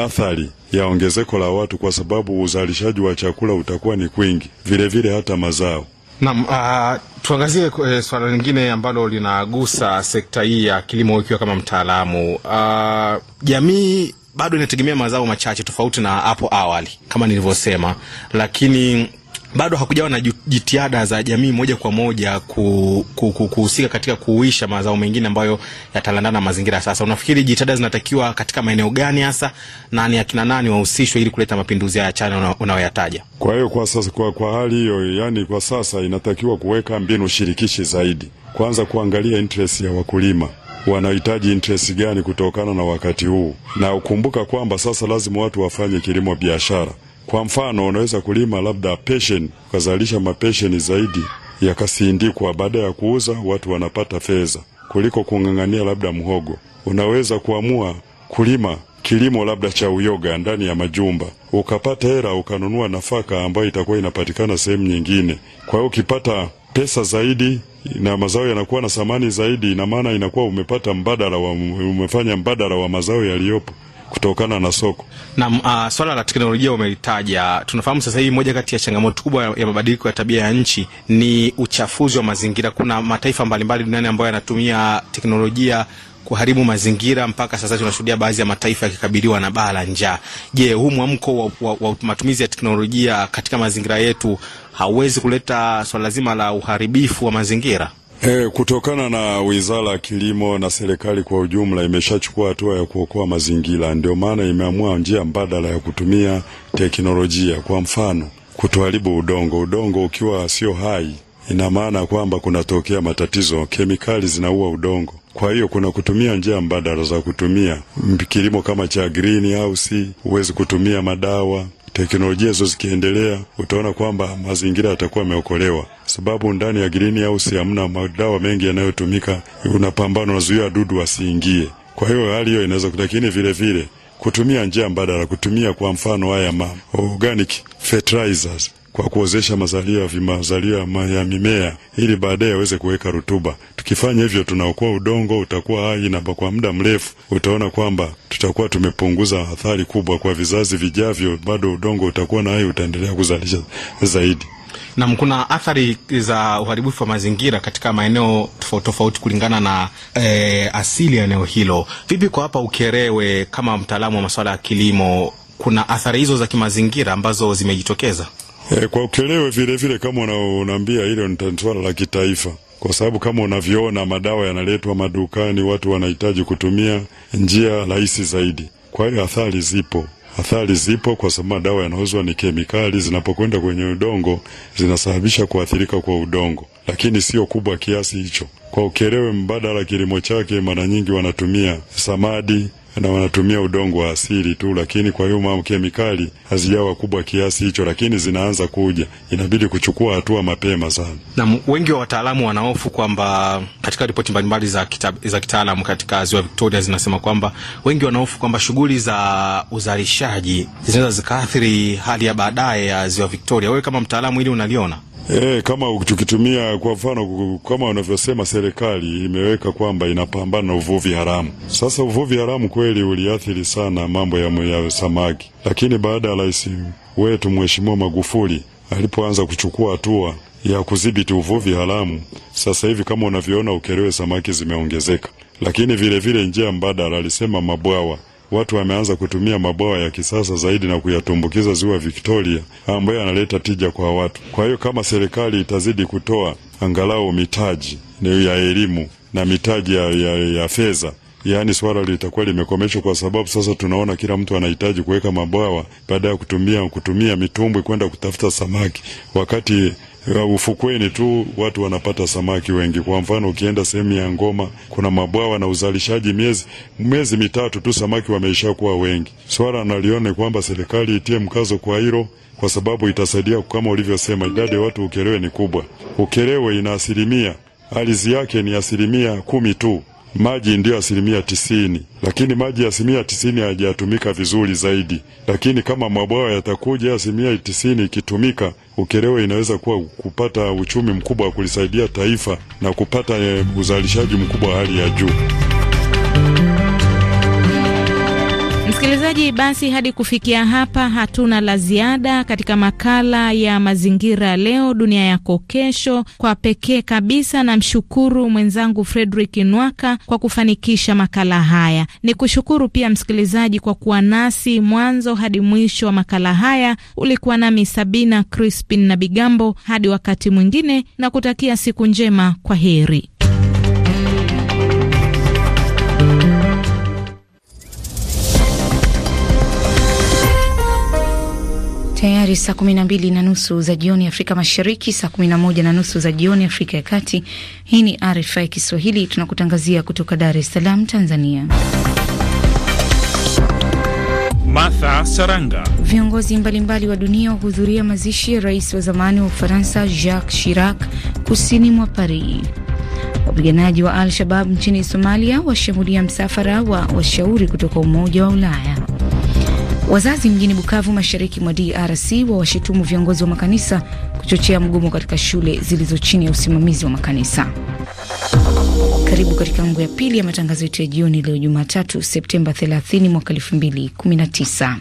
athari ya ongezeko la watu, kwa sababu uzalishaji wa chakula utakuwa ni kwingi, vilevile vile hata mazao. Naam, uh, tuangazie uh, swala lingine ambalo linagusa sekta hii ya kilimo, ikiwa kama mtaalamu ah, jamii uh, bado inategemea mazao machache tofauti na hapo awali kama nilivyosema, lakini bado hakujawa na jitihada za jamii moja kwa moja kuhusika katika kuuisha mazao mengine ambayo yatalandana mazingira. Sasa unafikiri jitihada zinatakiwa katika maeneo gani hasa, na ni akina nani wahusishwe ili kuleta mapinduzi haya chana unayoyataja? Kwa hiyo kwa sasa, kwa, kwa hali hiyo, yani kwa sasa inatakiwa kuweka mbinu shirikishi zaidi, kwanza kuangalia interest ya wakulima wanahitaji interest gani kutokana na wakati huu, na ukumbuka kwamba sasa lazima watu wafanye kilimo biashara. Kwa mfano, unaweza kulima labda passion ukazalisha mapesheni zaidi yakasindikwa, baada ya kuuza watu wanapata fedha kuliko kung'ang'ania labda mhogo. Unaweza kuamua kulima kilimo labda cha uyoga ndani ya majumba ukapata hela ukanunua nafaka ambayo itakuwa inapatikana sehemu nyingine. Kwa hiyo ukipata pesa zaidi na mazao yanakuwa na thamani zaidi, ina maana inakuwa umepata mbadala wa, umefanya mbadala wa mazao yaliyopo kutokana na soko. Naam, uh, swala la teknolojia umelitaja. Tunafahamu sasa hivi moja kati ya changamoto kubwa ya mabadiliko ya tabia ya nchi ni uchafuzi wa mazingira. Kuna mataifa mbalimbali duniani ambayo yanatumia teknolojia kuharibu mazingira. Mpaka sasa tunashuhudia baadhi ya mataifa yakikabiliwa na baa la njaa. Je, huu mwamko wa, wa, wa matumizi ya teknolojia katika mazingira yetu hauwezi kuleta swala zima la uharibifu wa mazingira? E, kutokana na Wizara ya Kilimo na serikali kwa ujumla imeshachukua hatua ya kuokoa mazingira, ndio maana imeamua njia mbadala ya kutumia teknolojia, kwa mfano kutoharibu udongo. Udongo ukiwa sio hai, ina maana kwamba kunatokea matatizo, kemikali zinaua udongo. Kwa hiyo kuna kutumia njia mbadala za kutumia kilimo kama cha greenhouse, huwezi kutumia madawa teknolojia hizo zikiendelea, utaona kwamba mazingira yatakuwa yameokolewa, sababu ndani ya greenhouse hamna madawa mengi yanayotumika. Unapambana, unazuia wadudu wasiingie. Kwa hiyo hali hiyo inaweza, lakini vile vile kutumia njia mbadala, kutumia kwa mfano haya ma organic fertilizers kwa kuozesha mazalia vimazalia ya mimea ili baadaye aweze kuweka rutuba. Tukifanya hivyo, tunaokoa udongo, utakuwa hai na kwa muda mrefu utaona kwamba tutakuwa tumepunguza athari kubwa kwa vizazi vijavyo. Bado udongo utakuwa na hai, utaendelea kuzalisha zaidi. Nam, kuna athari za uharibifu wa mazingira katika maeneo tofauti tofauti kulingana na e, asili ya eneo hilo. Vipi kwa hapa Ukerewe, kama mtaalamu wa masuala ya kilimo, kuna athari hizo za kimazingira ambazo zimejitokeza? E, kwa ukelewe vile vile kama unaambia hilo ni swala la kitaifa, kwa sababu kama unavyoona madawa yanaletwa madukani, watu wanahitaji kutumia njia rahisi zaidi. Kwa hiyo athari zipo, athari zipo kwa sababu madawa yanauzwa ni kemikali, zinapokwenda kwenye udongo zinasababisha kuathirika kwa udongo, lakini sio kubwa kiasi hicho. Kwa ukelewe mbadala kilimo chake mara nyingi wanatumia samadi na wanatumia udongo wa asili tu, lakini kwa hiyo mambo kemikali hazijawa kubwa kiasi hicho, lakini zinaanza kuja, inabidi kuchukua hatua mapema sana. Na wengi wa wataalamu wanahofu kwamba katika ripoti mbalimbali za kita, za kitaalamu katika ziwa Victoria zinasema kwamba wengi wanahofu kwamba shughuli za uzalishaji zinaweza zikaathiri hali ya baadaye ya ziwa Victoria. Wewe kama mtaalamu, ili unaliona? E, kama tukitumia kwa mfano kama wanavyosema serikali imeweka kwamba inapambana na uvuvi haramu. Sasa uvuvi haramu kweli uliathiri sana mambo ya, ya samaki, lakini baada ya rais wetu Mheshimiwa Magufuli alipoanza kuchukua hatua ya kudhibiti uvuvi haramu, sasa hivi kama unavyoona Ukerewe samaki zimeongezeka, lakini vilevile njia mbadala alisema mabwawa watu wameanza kutumia mabwawa ya kisasa zaidi na kuyatumbukiza ziwa Victoria ambayo yanaleta tija kwa watu. Kwa hiyo kama serikali itazidi kutoa angalau mitaji ya elimu na mitaji ya, ya, ya fedha yaani swala litakuwa limekomeshwa, kwa sababu sasa tunaona kila mtu anahitaji kuweka mabwawa baada ya kutumia kutumia mitumbwi kwenda kutafuta samaki, wakati ufukweni tu watu wanapata samaki wengi. Kwa mfano, ukienda sehemu ya Ngoma kuna mabwawa na uzalishaji miezi miezi mitatu tu samaki wameisha kuwa wengi. Swala nalione kwamba serikali itie mkazo kwa hilo, kwa sababu itasaidia, kama ulivyosema, idadi ya watu Ukerewe ni kubwa. Ukerewe ina asilimia ardhi yake ni asilimia kumi tu maji ndiyo asilimia tisini, lakini maji ya asilimia tisini hayajatumika vizuri zaidi. Lakini kama mabwawa yatakuja asilimia tisini ikitumika, Ukerewe inaweza kuwa kupata uchumi mkubwa wa kulisaidia taifa na kupata eh, uzalishaji mkubwa wa hali ya juu. Msikilizaji, basi hadi kufikia hapa hatuna la ziada katika makala ya mazingira leo dunia yako kesho. Kwa pekee kabisa namshukuru mwenzangu Fredrick Nwaka kwa kufanikisha makala haya. Ni kushukuru pia msikilizaji kwa kuwa nasi mwanzo hadi mwisho wa makala haya. Ulikuwa nami Sabina Crispin na Bigambo. Hadi wakati mwingine, na kutakia siku njema. Kwa heri. Tayari saa kumi na mbili na nusu za jioni Afrika Mashariki, saa kumi na moja na nusu za jioni Afrika ya Kati. Hii ni RFI Kiswahili, tunakutangazia kutoka Dar es Salaam, Tanzania. Martha Saranga. Viongozi mbalimbali wa dunia wahudhuria mazishi ya rais wa zamani wa Ufaransa Jacques Chirac kusini mwa Paris. Wapiganaji wa Al-Shabab nchini Somalia washambulia msafara wa washauri kutoka Umoja wa Ulaya. Wazazi mjini Bukavu, mashariki mwa DRC, wawashutumu viongozi wa makanisa kuchochea mgomo katika shule zilizo chini ya usimamizi wa makanisa. Karibu katika ngo ya pili ya matangazo yetu ya jioni leo Jumatatu, Septemba 30 mwaka 2019.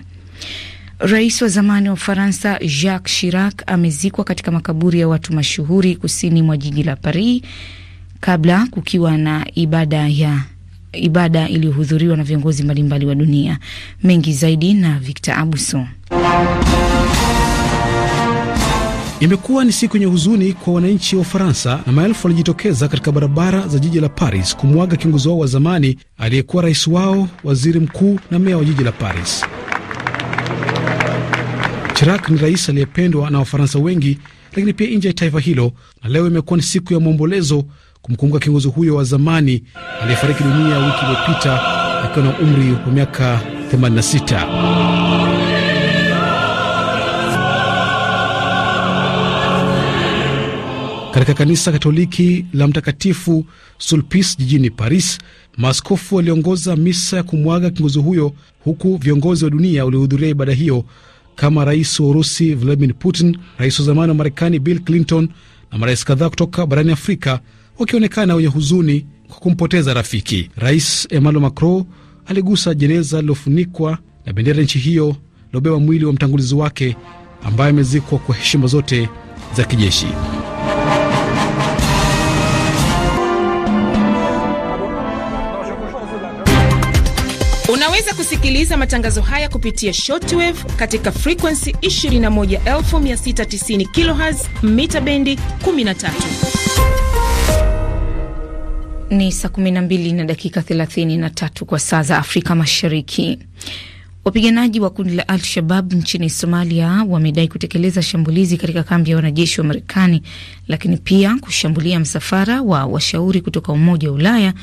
Rais wa zamani wa Ufaransa Jacques Chirac amezikwa katika makaburi ya watu mashuhuri kusini mwa jiji la Paris, kabla kukiwa na ibada ya ibada iliyohudhuriwa na viongozi mbalimbali wa dunia. Mengi zaidi na Victor Abuso. Imekuwa ni siku yenye huzuni kwa wananchi wa Ufaransa na maelfu walijitokeza katika barabara za jiji la Paris kumwaga kiongozi wao wa zamani aliyekuwa rais wao, waziri mkuu na meya wa jiji la Paris. Chirac ni rais aliyependwa na Wafaransa wengi, lakini pia nje ya taifa hilo, na leo imekuwa ni siku ya maombolezo kumkumbuka kiongozi huyo wa zamani aliyefariki dunia wiki iliyopita akiwa na umri wa miaka 86. Katika kanisa Katoliki la Mtakatifu sulpis jijini Paris, maaskofu waliongoza misa ya kumwaga kiongozi huyo, huku viongozi wa dunia waliohudhuria ibada hiyo kama rais wa Urusi Vladimir Putin, rais wa zamani wa Marekani Bill Clinton na marais kadhaa kutoka barani Afrika wakionekana wenye huzuni kwa kumpoteza rafiki. Rais Emmanuel Macron aligusa jeneza lilofunikwa na bendera nchi hiyo lilobeba mwili wa mtangulizi wake ambaye amezikwa kwa heshima zote za kijeshi. Unaweza kusikiliza matangazo haya kupitia shortwave katika frekuensi 21690 kHz mita bendi 13. Ni saa 12 na dakika 33 kwa saa za Afrika Mashariki. Wapiganaji wa kundi la Al-Shabab nchini Somalia wamedai kutekeleza shambulizi katika kambi ya wanajeshi wa Marekani, lakini pia kushambulia msafara wa washauri kutoka Umoja wa Ulaya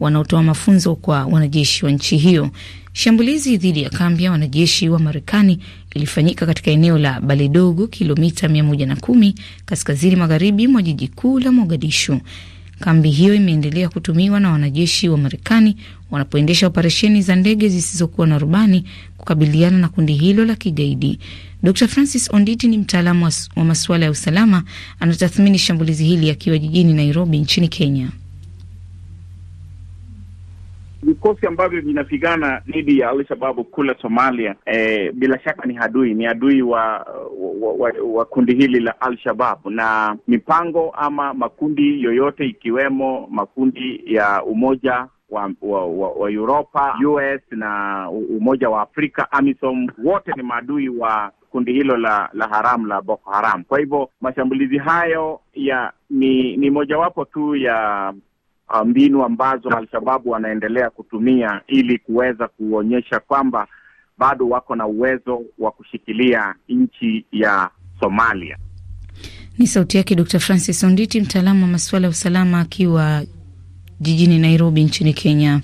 wanaotoa mafunzo kwa wanajeshi wa nchi hiyo. Shambulizi dhidi ya kambi ya wanajeshi wa Marekani ilifanyika katika eneo la Baledogo, kilomita 110 kaskazini magharibi mwa jiji kuu la Mogadishu. Kambi hiyo imeendelea kutumiwa na wanajeshi wa Marekani wanapoendesha operesheni za ndege zisizokuwa na rubani kukabiliana na kundi hilo la kigaidi. Dr Francis Onditi ni mtaalamu wa masuala ya usalama, anatathmini shambulizi hili akiwa jijini Nairobi nchini Kenya vikosi ambavyo vinapigana dhidi ya Alshababu kule Somalia eh, bila shaka ni hadui ni adui wa, wa, wa, wa kundi hili la Alshababu na mipango ama makundi yoyote ikiwemo makundi ya Umoja wa, wa, wa, wa Europa, US na Umoja wa Afrika, AMISOM, wote ni maadui wa kundi hilo la la haram la Boko Haram. Kwa hivyo mashambulizi hayo ya ni ni mojawapo tu ya Uh, mbinu ambazo Alshababu wanaendelea kutumia ili kuweza kuonyesha kwamba bado wako na uwezo wa kushikilia nchi ya Somalia. Ni sauti yake Dr Francis Onditi, mtaalamu wa masuala ya usalama akiwa jijini Nairobi nchini Kenya.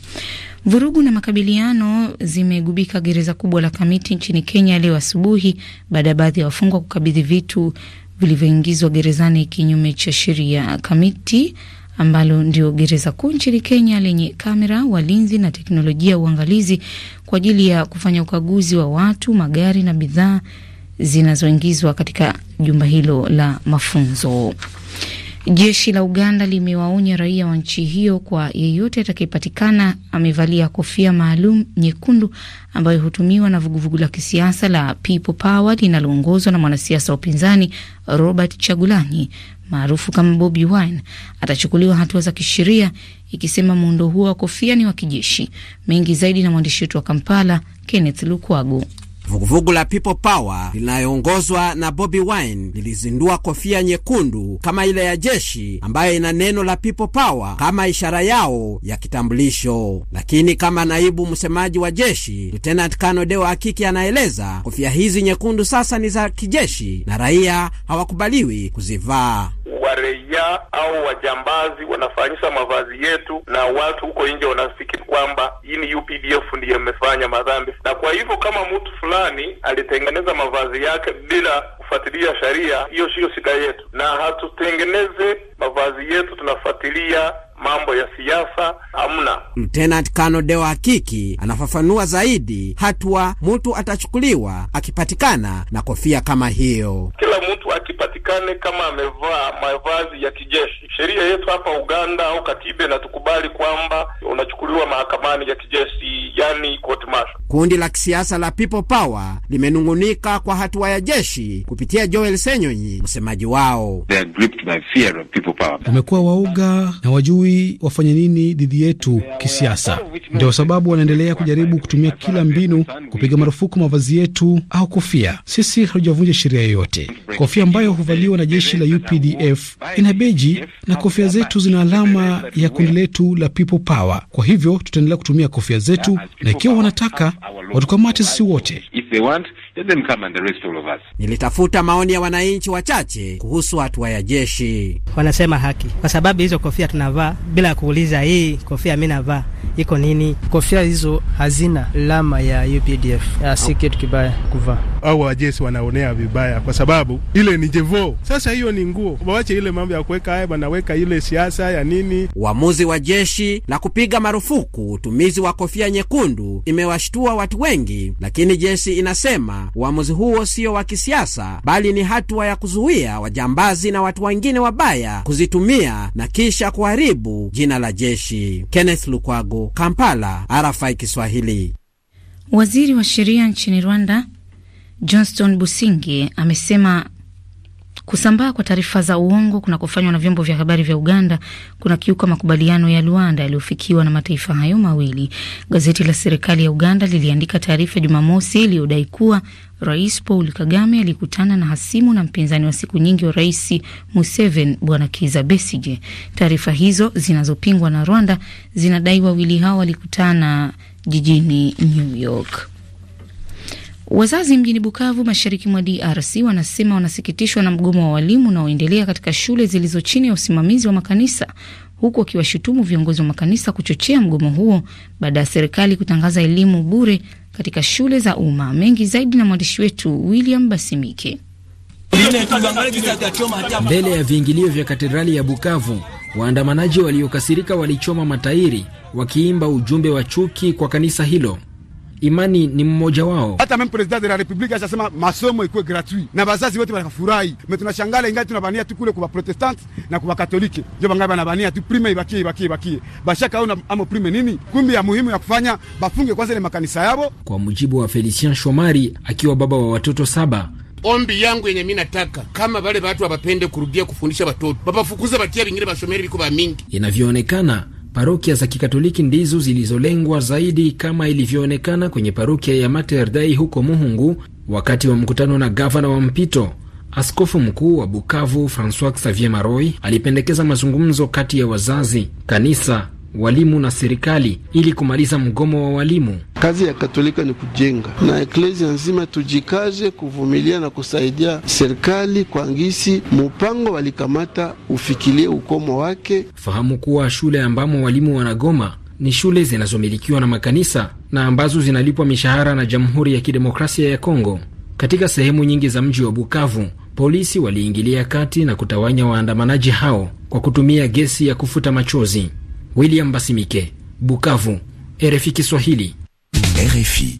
Vurugu na makabiliano zimegubika gereza kubwa la Kamiti nchini Kenya leo asubuhi baada ya baadhi ya wafungwa kukabidhi vitu vilivyoingizwa gerezani kinyume cha sheria. Kamiti ambalo ndio gereza kuu nchini Kenya lenye kamera, walinzi na teknolojia uangalizi kwa ajili ya kufanya ukaguzi wa watu, magari na bidhaa zinazoingizwa katika jumba hilo la mafunzo. Jeshi la Uganda limewaonya raia wa nchi hiyo kwa yeyote atakayepatikana amevalia kofia maalum nyekundu ambayo hutumiwa na vuguvugu la kisiasa la People Power linaloongozwa na mwanasiasa wa upinzani Robert Chagulanyi maarufu kama Bobi Wine atachukuliwa hatua za kisheria, ikisema muundo huo wa kofia ni wa kijeshi. Mengi zaidi na mwandishi wetu wa Kampala, Kenneth Lukwago. Vuguvugu la People Power linayoongozwa na Bobi Wine lilizindua kofia nyekundu kama ile ya jeshi ambayo ina neno la People Power kama ishara yao ya kitambulisho. Lakini kama naibu msemaji wa jeshi Lieutenant Kano Deo Akiki anaeleza, kofia hizi nyekundu sasa ni za kijeshi na raia hawakubaliwi kuzivaa raia au wajambazi wanafanyisha mavazi yetu, na watu huko nje wanafikiri kwamba hii ni UPDF ndiyo imefanya madhambi. Na kwa hivyo kama mtu fulani alitengeneza mavazi yake bila kufuatilia sheria, hiyo siyo shida yetu, na hatutengeneze mavazi yetu tunafuatilia mambo ya siasa hamna. Mtenant Kano Dewa Hakiki anafafanua zaidi hatua mtu atachukuliwa akipatikana na kofia kama hiyo. Kila mtu apatikane kama amevaa mavazi ya kijeshi. Sheria yetu hapa Uganda au katiba inatukubali kwamba unachukuliwa mahakamani ya kijeshi, yani court martial. Kundi la kisiasa la People Power limenungunika kwa hatua ya jeshi kupitia Joel Senyonyi, msemaji wao. Wamekuwa waoga na wajui wafanye nini dhidi yetu kisiasa, ndio sababu wanaendelea kujaribu kutumia kila mbinu kupiga marufuku mavazi yetu au kofia. Sisi hatujavunja sheria yoyote. Kofia ambayo huvalia inayokaliwa na jeshi la UPDF ina beji na kofia zetu zina alama ya kundi letu la People Power. Kwa hivyo tutaendelea kutumia kofia zetu, na ikiwa wanataka watukamate sisi wote them come and arrest all of us. Nilitafuta maoni ya wananchi wachache kuhusu hatua ya jeshi. Wanasema haki, kwa sababu hizo kofia tunavaa bila ya kuuliza, hii kofia mi navaa iko nini? Kofia hizo hazina lama ya UPDF, si kitu kibaya kuvaa. Au wajesi wanaonea vibaya, kwa sababu ile ni jevo. Sasa hiyo ni nguo, wawache ile mambo ya kuweka haya, wanaweka ile siasa ya nini. Uamuzi wa jeshi la kupiga marufuku utumizi wa kofia nyekundu imewashtua watu wengi, lakini jeshi inasema uamuzi huo sio wa kisiasa, bali ni hatua ya kuzuia wajambazi na watu wengine wabaya kuzitumia na kisha kuharibu jina la jeshi. Kenneth Lukwago, Kampala, RFI Kiswahili. Waziri wa sheria nchini Rwanda Johnston Businge amesema Kusambaa kwa taarifa za uongo kunakofanywa na vyombo vya habari vya Uganda kunakiuka makubaliano ya Luanda yaliyofikiwa na mataifa hayo mawili. Gazeti la serikali ya Uganda liliandika taarifa Jumamosi iliyodai kuwa Rais Paul Kagame alikutana na hasimu na mpinzani wa siku nyingi wa Rais Museveni, Bwana Kiza Besige. Taarifa hizo zinazopingwa na Rwanda zinadai wawili hao walikutana jijini New York. Wazazi mjini Bukavu, mashariki mwa DRC, wanasema wanasikitishwa na mgomo wa walimu unaoendelea katika shule zilizo chini ya usimamizi wa makanisa, huku wakiwashutumu viongozi wa makanisa kuchochea mgomo huo baada ya serikali kutangaza elimu bure katika shule za umma. Mengi zaidi na mwandishi wetu William Basimike. Mbele ya viingilio vya katedrali ya Bukavu, waandamanaji waliokasirika walichoma matairi wakiimba ujumbe wa chuki kwa kanisa hilo. Imani ni mmoja wao. Hata mimi president de la republique ashasema masomo ikuwe gratuit na bazazi wote wanafurahi. Mimi tunashangala ingali tunabania tu kule kwa protestant na kwa katolike, ndio bangai banabania tu prime ibakie ibakie ibakie, bashaka au amo prime nini? Kumbi ya muhimu ya kufanya bafunge kwanza ile makanisa yao. Kwa mujibu wa Felicien Shomari, akiwa baba wa watoto saba Ombi yangu yenye mimi nataka kama vale watu wabapende kurudia kufundisha watoto, babafukuza batia vingine bashomeri biko ba mingi inavyoonekana Parokia za Kikatoliki ndizo zilizolengwa zaidi, kama ilivyoonekana kwenye parokia ya Mater Dei huko Muhungu wakati wa mkutano na gavana wa mpito. Askofu mkuu wa Bukavu Francois Xavier Maroy alipendekeza mazungumzo kati ya wazazi, kanisa walimu na serikali ili kumaliza mgomo wa walimu. Kazi ya Katolika ni kujenga na eklezia nzima, tujikaze kuvumilia na kusaidia serikali kwa ngisi mupango walikamata ufikilie ukomo wake. Fahamu kuwa shule ambamo walimu wanagoma ni shule zinazomilikiwa na makanisa na ambazo zinalipwa mishahara na Jamhuri ya Kidemokrasia ya Kongo. Katika sehemu nyingi za mji wa Bukavu, polisi waliingilia kati na kutawanya waandamanaji hao kwa kutumia gesi ya kufuta machozi. William Basimike, Bukavu, RFI Kiswahili. RFI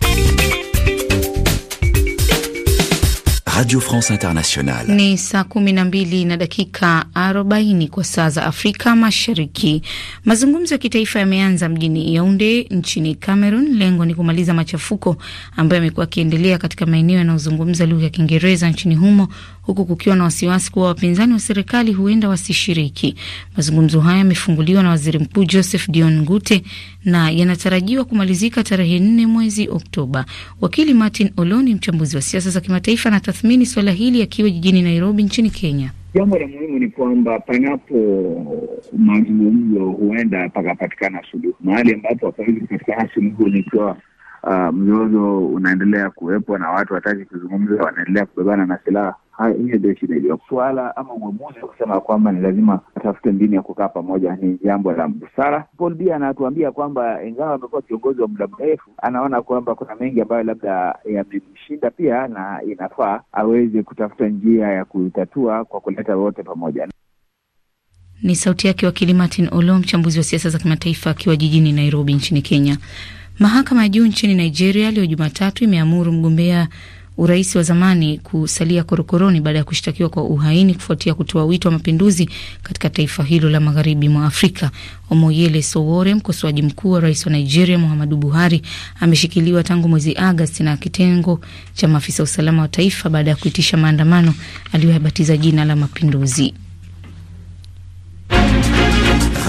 Radio France Internationale. Ni saa kumi na mbili na dakika arobaini kwa saa za Afrika Mashariki. Mazungumzo ya kitaifa yameanza mjini Yaunde nchini Cameroon. Lengo ni kumaliza machafuko ambayo yamekuwa yakiendelea katika maeneo yanayozungumza lugha ya Kiingereza nchini humo huku kukiwa na wasiwasi kuwa wapinzani wa serikali huenda wasishiriki. Mazungumzo haya yamefunguliwa na waziri mkuu Joseph Dion Ngute na yanatarajiwa kumalizika tarehe nne mwezi Oktoba. Wakili Martin Oloni, mchambuzi wa siasa za kimataifa, anatathmini suala hili akiwa jijini Nairobi nchini Kenya. Jambo la muhimu ni kwamba panapo mazungumzo huenda pakapatikana suluhu, mahali ambapo hapawezi kupatikana suluhu nikiwa uh, ah, mzozo unaendelea kuwepo na watu wataki kuzungumza, wanaendelea kubebana na silaha Ah, hiyo ndio shida iliyo. swala ama uamuzi wa kusema kwamba ni lazima atafute mbinu ya kukaa pamoja ni jambo la busara. Paul Bia anatuambia kwamba ingawa amekuwa kiongozi wa muda mrefu, anaona kwamba kuna mengi ambayo labda yamemshinda pia, na inafaa aweze kutafuta njia ya kuitatua kwa kuleta wote pamoja. Ni sauti yake wakili Martin Olo, mchambuzi wa siasa za kimataifa akiwa jijini Nairobi nchini Kenya. Mahakama ya juu nchini Nigeria leo Jumatatu imeamuru mgombea urais wa zamani kusalia korokoroni baada ya kushtakiwa kwa uhaini kufuatia kutoa wito wa mapinduzi katika taifa hilo la magharibi mwa Afrika. Omoyele Sowore, mkosoaji mkuu wa rais wa Nigeria Muhammadu Buhari, ameshikiliwa tangu mwezi Agasti na kitengo cha maafisa usalama wa taifa baada ya kuitisha maandamano aliyoyabatiza jina la mapinduzi.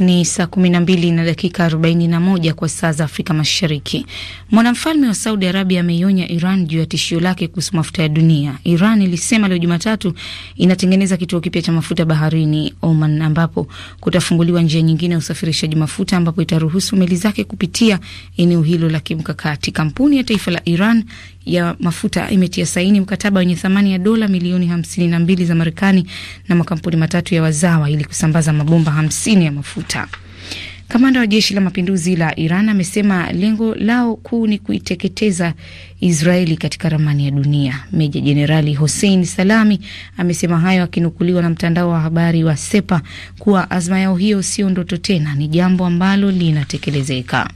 Ni saa kumi na dakika moja kwa saa za Afrika Mashariki. Mwanamfalme wa Saudi Arabia ameionya Iran juu ya tishio lake kuhusu mafuta ya dunia. Iran ilisema leo Jumatatu inatengeneza kituo kipya cha mafuta baharini Oman, ambapo kutafunguliwa njia nyingine ya usafirishaji mafuta, ambapo itaruhusu meli zake kupitia eneo hilo la kimkakati. Kampuni ya taifa la Iran ya mafuta imetia saini mkataba wenye thamani ya dola milioni hamsini na mbili za Marekani na makampuni matatu ya wazawa ili kusambaza mabomba hamsini ya mafuta. Kamanda wa jeshi la mapinduzi la Iran amesema lengo lao kuu ni kuiteketeza Israeli katika ramani ya dunia. Meja Jenerali Hossein Salami amesema hayo akinukuliwa na mtandao wa habari wa Sepa kuwa azma yao hiyo sio ndoto tena, ni jambo ambalo linatekelezeka.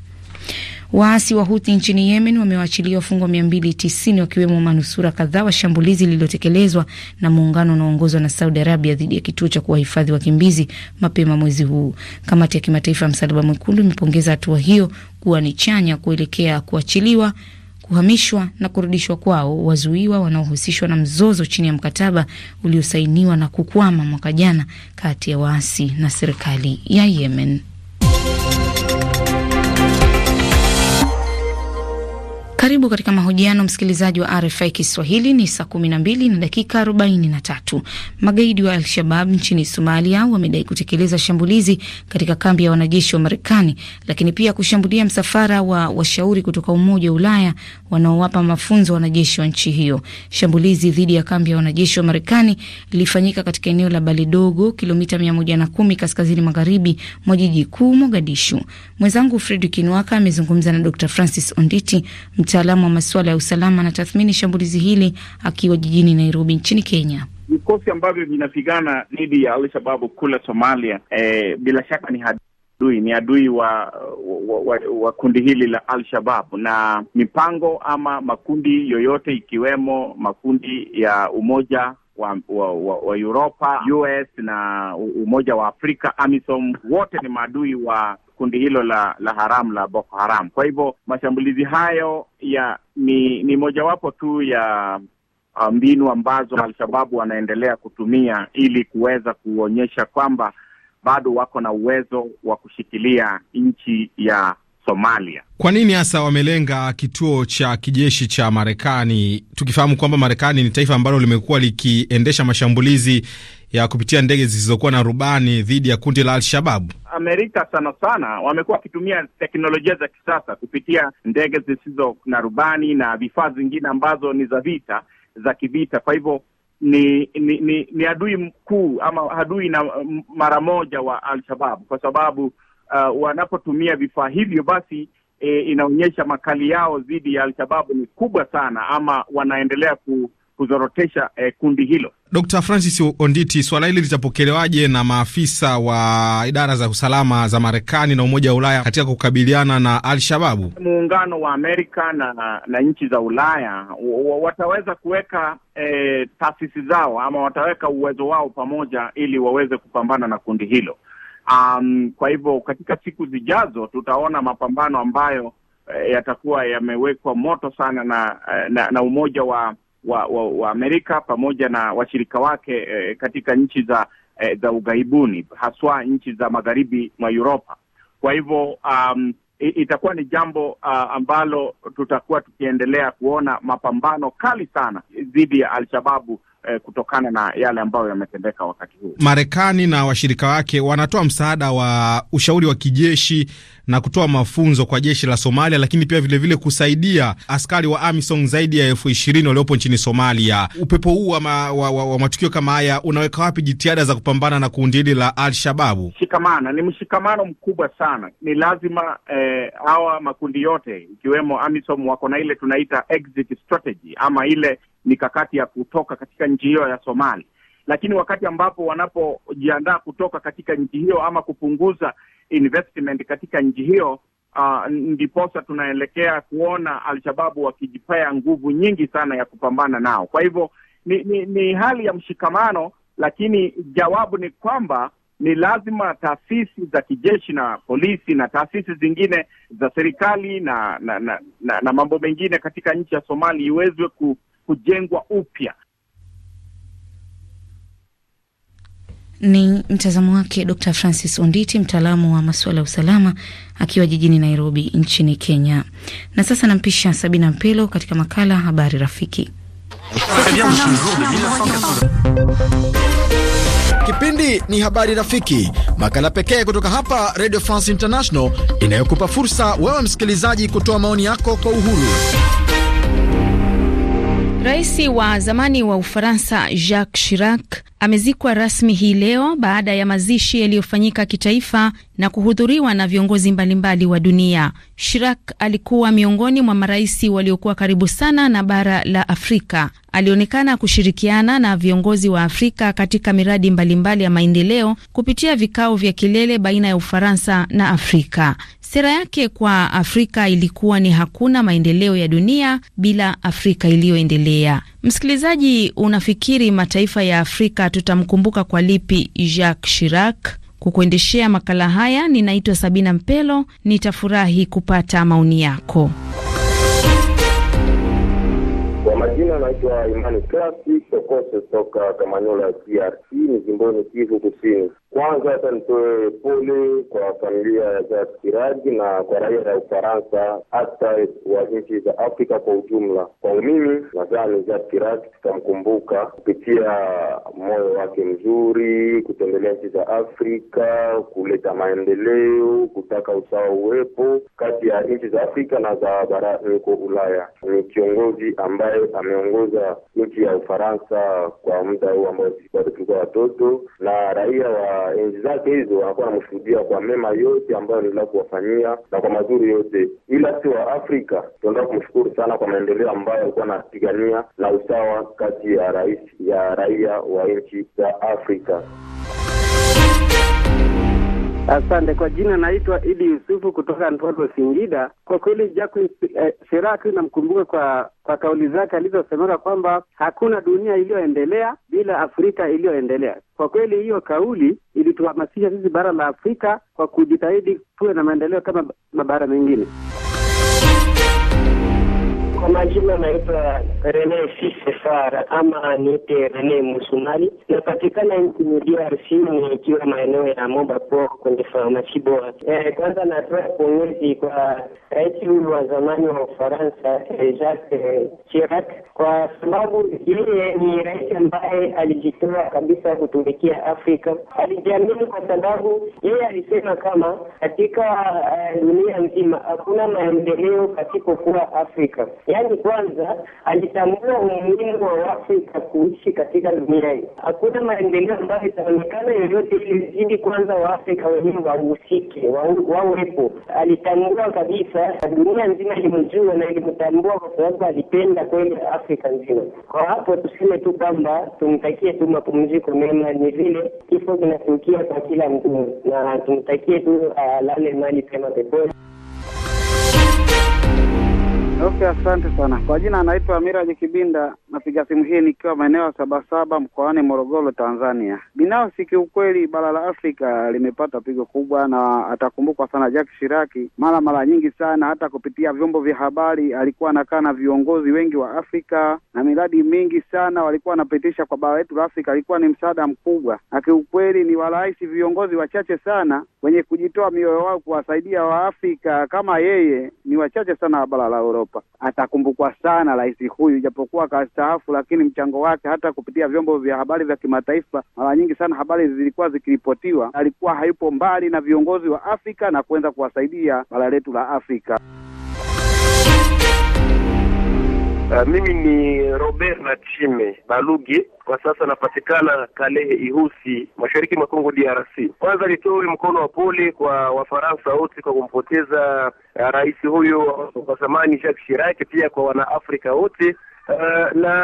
Waasi wa Huthi nchini Yemen wamewachilia wafungwa 290 wakiwemo manusura kadhaa wa shambulizi lililotekelezwa na muungano unaoongozwa na Saudi Arabia dhidi ya kituo cha kuwahifadhi wakimbizi mapema mwezi huu. Kamati ya Kimataifa ya Msalaba Mwekundu imepongeza hatua hiyo kuwa ni chanya kuelekea kuachiliwa kuhamishwa na kurudishwa kwao wazuiwa wanaohusishwa na mzozo chini ya mkataba uliosainiwa na kukwama mwaka jana kati ya waasi na serikali ya Yemen. Karibu katika mahojiano msikilizaji wa RFI Kiswahili. Ni saa kumi na mbili na dakika arobaini na tatu. Magaidi wa Al-Shabab nchini Somalia wamedai kutekeleza shambulizi katika kambi ya wanajeshi wa Marekani, lakini pia kushambulia msafara wa washauri kutoka Umoja wa Ulaya wanaowapa mafunzo wanajeshi wa nchi hiyo. Shambulizi dhidi ya kambi ya wanajeshi wa Marekani lilifanyika katika eneo la Baledogo, kilomita mia moja na kumi kaskazini magharibi mwa jiji kuu Mogadishu. Mwenzangu Fredrick Nwaka amezungumza na Dr Francis Onditi Mtaalamu wa masuala ya usalama anatathmini shambulizi hili akiwa jijini Nairobi nchini Kenya. Vikosi ambavyo vinapigana dhidi ya Alshababu kule Somalia, eh, bila shaka ni adui ni adui wa, wa, wa, wa kundi hili la al na mipango ama makundi yoyote ikiwemo makundi ya Umoja wa, wa, wa, wa Europa, US na Umoja wa Afrika, AMISOM, wote ni maadui wa kundi hilo la la haram la Boko Haram. Kwa hivyo mashambulizi hayo ya ni ni mojawapo tu ya uh, mbinu ambazo Alshababu wanaendelea kutumia ili kuweza kuonyesha kwamba bado wako na uwezo wa kushikilia nchi ya Somalia. Kwa nini hasa wamelenga kituo cha kijeshi cha Marekani, tukifahamu kwamba Marekani ni taifa ambalo limekuwa likiendesha mashambulizi ya kupitia ndege zisizokuwa na rubani dhidi ya kundi la al Amerika sana sana wamekuwa wakitumia teknolojia za kisasa kupitia ndege zisizo na rubani na vifaa zingine ambazo ni za vita za kivita. Kwa hivyo ni ni, ni ni adui mkuu ama adui na mara moja wa al kwa sababu uh, wanapotumia vifaa hivyo basi E, inaonyesha makali yao dhidi ya Alshababu ni kubwa sana, ama wanaendelea ku, kuzorotesha eh, kundi hilo. Dkt. Francis Onditi, swala hili litapokelewaje na maafisa wa idara za usalama za Marekani na Umoja wa Ulaya katika kukabiliana na Al-Shababu? Muungano wa Amerika na, na nchi za Ulaya wataweza kuweka eh, taasisi zao ama wataweka uwezo wao pamoja ili waweze kupambana na kundi hilo. Um, kwa hivyo katika siku zijazo tutaona mapambano ambayo eh, yatakuwa yamewekwa moto sana na, eh, na, na Umoja wa wa, wa, wa Amerika pamoja na washirika wake eh, katika nchi za eh, za ughaibuni haswa nchi za magharibi mwa Uropa. Kwa hivyo um, itakuwa ni jambo uh, ambalo tutakuwa tukiendelea kuona mapambano kali sana dhidi ya Alshababu eh, kutokana na yale ambayo yametendeka wakati huu. Marekani na washirika wake wanatoa msaada wa ushauri wa kijeshi na kutoa mafunzo kwa jeshi la Somalia, lakini pia vilevile vile kusaidia askari wa AMISOM zaidi ya elfu ishirini waliopo nchini Somalia. Upepo huu wa, ma, wa, wa, wa matukio kama haya unaweka wapi jitihada za kupambana na kundi hili la Al-Shababu? Shikamana ni mshikamano mkubwa sana, ni lazima eh, hawa eh, makundi yote ikiwemo AMISOM wako na ile tunaita exit strategy ama ile mikakati ya kutoka katika nchi hiyo ya Somali, lakini wakati ambapo wanapojiandaa kutoka katika nchi hiyo ama kupunguza investment katika nchi hiyo uh, ndiposa tunaelekea kuona Alshababu wakijipea nguvu nyingi sana ya kupambana nao. Kwa hivyo ni, ni, ni hali ya mshikamano, lakini jawabu ni kwamba ni lazima taasisi za kijeshi na polisi na taasisi zingine za serikali na na, na, na, na mambo mengine katika nchi ya Somali iwezwe ku kujengwa upya. Ni mtazamo wake Dr Francis Onditi, mtaalamu wa masuala ya usalama akiwa jijini Nairobi nchini Kenya. Na sasa nampisha Sabina Mpelo katika makala Habari Rafiki. Kipindi ni Habari Rafiki, makala pekee kutoka hapa Radio France International inayokupa fursa wewe msikilizaji kutoa maoni yako kwa uhuru. Rais wa zamani wa Ufaransa Jacques Chirac amezikwa rasmi hii leo baada ya mazishi yaliyofanyika kitaifa na kuhudhuriwa na viongozi mbalimbali wa dunia. Chirac alikuwa miongoni mwa marais waliokuwa karibu sana na bara la Afrika. Alionekana kushirikiana na viongozi wa Afrika katika miradi mbalimbali ya maendeleo kupitia vikao vya kilele baina ya Ufaransa na Afrika. Sera yake kwa Afrika ilikuwa ni hakuna maendeleo ya dunia bila Afrika iliyoendelea. Msikilizaji, unafikiri mataifa ya Afrika tutamkumbuka kwa lipi Jacques Chirac? Kukuendeshea makala haya ninaitwa Sabina Mpelo, nitafurahi kupata maoni yako. Kwa majina anaitwa Imani Klasi Sokose toka Kamanyola ya DRC ni jimboni Kivu Kusini. Kwanza hata nitoe pole kwa familia ya Siraji na kwa raia ya Ufaransa hata wa nchi za Afrika kwa ujumla. Kwangu mimi nadhani za Siraji tutamkumbuka kupitia moyo wake mzuri, kutembelea nchi za Afrika, kuleta maendeleo, kutaka usawa uwepo kati ya nchi za Afrika na za bara huko Ulaya. Ni kiongozi ambaye ameongoza nchi ya Ufaransa kwa muda huu ambao bado tulikuwa watoto na raia wa enzi eh, zake hizo anakuwa anamshuhudia kwa mema yote ambayo anaendelea kuwafanyia na kwa mazuri yote, ila si wa Afrika tunataka kumshukuru sana kwa maendeleo ambayo alikuwa anapigania na usawa kati ya rais ya raia wa nchi za Afrika. Asante kwa jina, naitwa Idi Yusufu kutoka Ntoto, Singida. Kwa kweli Jacqueline eh, Chirac namkumbuka kwa kwa kauli zake alizosemeka kwamba hakuna dunia iliyoendelea bila Afrika iliyoendelea. Kwa kweli hiyo kauli ilituhamasisha sisi bara la Afrika kwa kujitahidi tuwe na maendeleo kama mabara mengine. Kwa majina naitwa Rene Sise Fara ama niite Rene Musumali, napatikana nchini DRC nikiwa maeneo ya Momba po kwenye farmasi boa. Eh, kwanza natoa pongezi kwa rais huyu wa zamani wa Ufaransa eh, Jacques Chirac kwa sababu yeye ni rais ambaye alijitoa kabisa kutumikia Afrika. Alijiamini kwa sababu yeye alisema kama katika eh, dunia uh, nzima hakuna maendeleo pasipokuwa Afrika. Yaani kwanza alitambua umuhimu wa afrika kuishi katika dunia hii. Hakuna maendeleo ambayo itaonekana yoyote ilizidi kwanza Waafrika wenyewe wahusike, wawepo. Alitambua kabisa, dunia nzima ilimjua na ilimtambua kwa sababu alipenda kweli Afrika nzima. Kwa hapo tuseme tu kwamba tumtakie tu mapumziko mema, ni vile kifo kinatukia kwa kila mtu, na tumtakie tu ah, alale mali pema peponi. Okay, asante sana. Kwa jina anaitwa Miraji Kibinda, napiga simu hii nikiwa maeneo ya Sabasaba mkoani Morogoro, Tanzania. Binafsi kiukweli, bara la Afrika limepata pigo kubwa, na atakumbukwa sana Jack Shiraki mara mara nyingi sana, hata kupitia vyombo vya habari alikuwa anakaa na viongozi wengi wa Afrika na miradi mingi sana walikuwa wanapitisha kwa bara letu la Afrika, alikuwa ni msaada mkubwa, na kiukweli ni warahisi viongozi wachache sana wenye kujitoa mioyo wao kuwasaidia Waafrika kama yeye, ni wachache sana wa bara la Europa hapa. Atakumbukwa sana rais huyu, ijapokuwa kastaafu, lakini mchango wake hata kupitia vyombo vya habari vya kimataifa, mara nyingi sana habari zilikuwa zikiripotiwa, alikuwa hayupo mbali na viongozi wa Afrika na kuweza kuwasaidia bara letu la Afrika. Uh, mimi ni Robert Nachime Baluge, kwa sasa napatikana Kalehe Ihusi, mashariki mwa Kongo DRC. Kwanza nitoe mkono wa pole kwa Wafaransa wote kwa kumpoteza uh, rais huyo wa zamani Jacques Chirac, pia kwa Wanaafrika wote Uh, na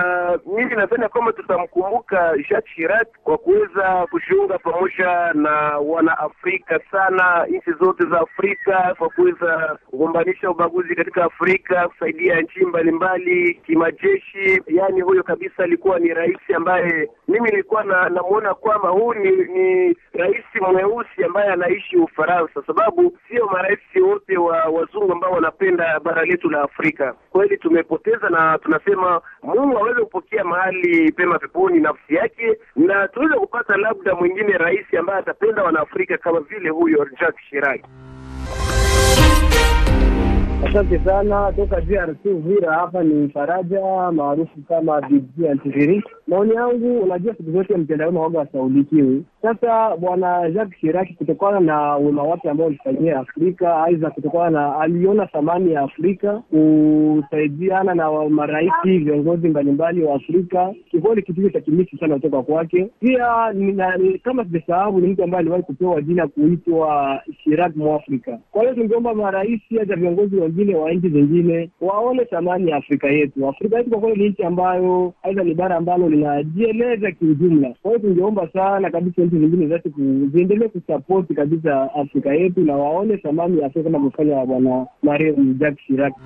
mimi nadhani kwamba tutamkumbuka Jacques Chirac kwa kuweza kujiunga pamoja na wanaafrika sana nchi zote za Afrika kwa kuweza kugombanisha ubaguzi katika Afrika, kusaidia nchi mbalimbali kimajeshi. Yaani huyo kabisa alikuwa ni rais ambaye mimi nilikuwa na namwona kwamba huyu ni, ni rais mweusi ambaye anaishi Ufaransa, sababu sio marais wote wa wazungu ambao wanapenda bara letu la Afrika. Kweli tumepoteza na tunasema Mungu aweze kupokea mahali pema peponi nafsi yake, na tuweze kupata labda mwingine rais ambaye atapenda wanaafrika kama vile huyo Jacques Chirac. Asante sana toka DRC Uvira. Hapa ni Faraja maarufu kama Big Antiviriki. Maoni yangu, unajua siku zote mtandaoni waga wasaulikiwi. Sasa bwana Jacques Chirac, kutokana na wema wake ambao alifanyia Afrika, aidha kutokana na aliona thamani ya Afrika, kusaidiana na marahisi viongozi mbalimbali wa Afrika, kikweli kitu hicho cha kimisi sana kutoka kwake. Pia nina, kama sijasahau, ni mtu ambaye aliwahi kupewa jina kuitwa Chirac Mwafrika. Kwa hiyo tungeomba marahisi hata viongozi wengine wa nchi zingine waone thamani ya Afrika yetu. Afrika yetu kwa kweli ni nchi ambayo aidha ni bara ambalo zinajieleza kiujumla. Kwa hiyo tungeomba sana kabisa nchi zingine zote ziendelee kusapoti kabisa Afrika yetu na waone thamani ya Afrika kama amefanya bwana Marem Jack Shiraki.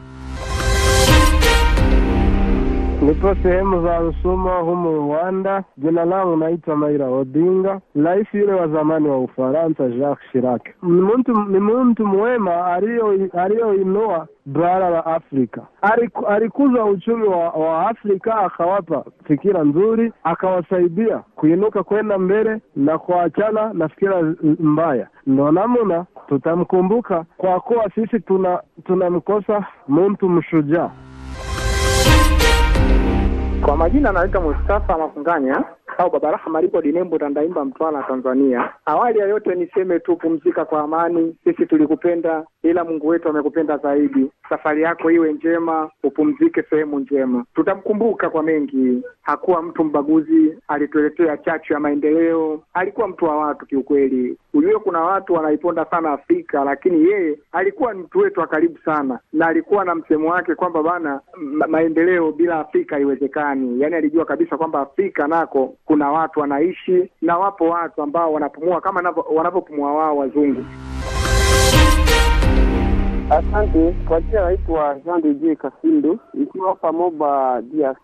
Nipo sehemu za Rusumo humu Rwanda. Jina langu naitwa Maira Odinga. Rais yule wa zamani wa Ufaransa Jacques Chirac ni mtu mwema, aliyoinua bara la Afrika, alikuza uchumi wa, wa Afrika, akawapa fikira nzuri, akawasaidia kuinuka kwenda mbele na kuachana na fikira mbaya. Ndo namuna tutamkumbuka, kwa kuwa sisi tunamkosa tuna mtu mshujaa. Kwa majina anaitwa Mustafa Mafunganya au Baba Rahma lipo Dinembo Tandaimba, Mtwara, Tanzania. Awali ya yote niseme tu pumzika kwa amani, sisi tulikupenda, ila Mungu wetu amekupenda zaidi. Safari yako iwe njema, upumzike sehemu njema, tutamkumbuka kwa mengi. Hakuwa mtu mbaguzi, alituletea chachu ya maendeleo, alikuwa mtu wa watu kiukweli. Ujue kuna watu wanaiponda sana Afrika, lakini yeye alikuwa mtu wetu wa karibu sana, na alikuwa na msemo wake kwamba bana, maendeleo bila Afrika haiwezekani ndani, yani alijua kabisa kwamba Afrika nako kuna watu wanaishi na wapo watu ambao wanapumua kama wanavyopumua wao wazungu. Asante. Kwa jina naitwa Jean de Kasindu, nikiwa hapa Moba DRC.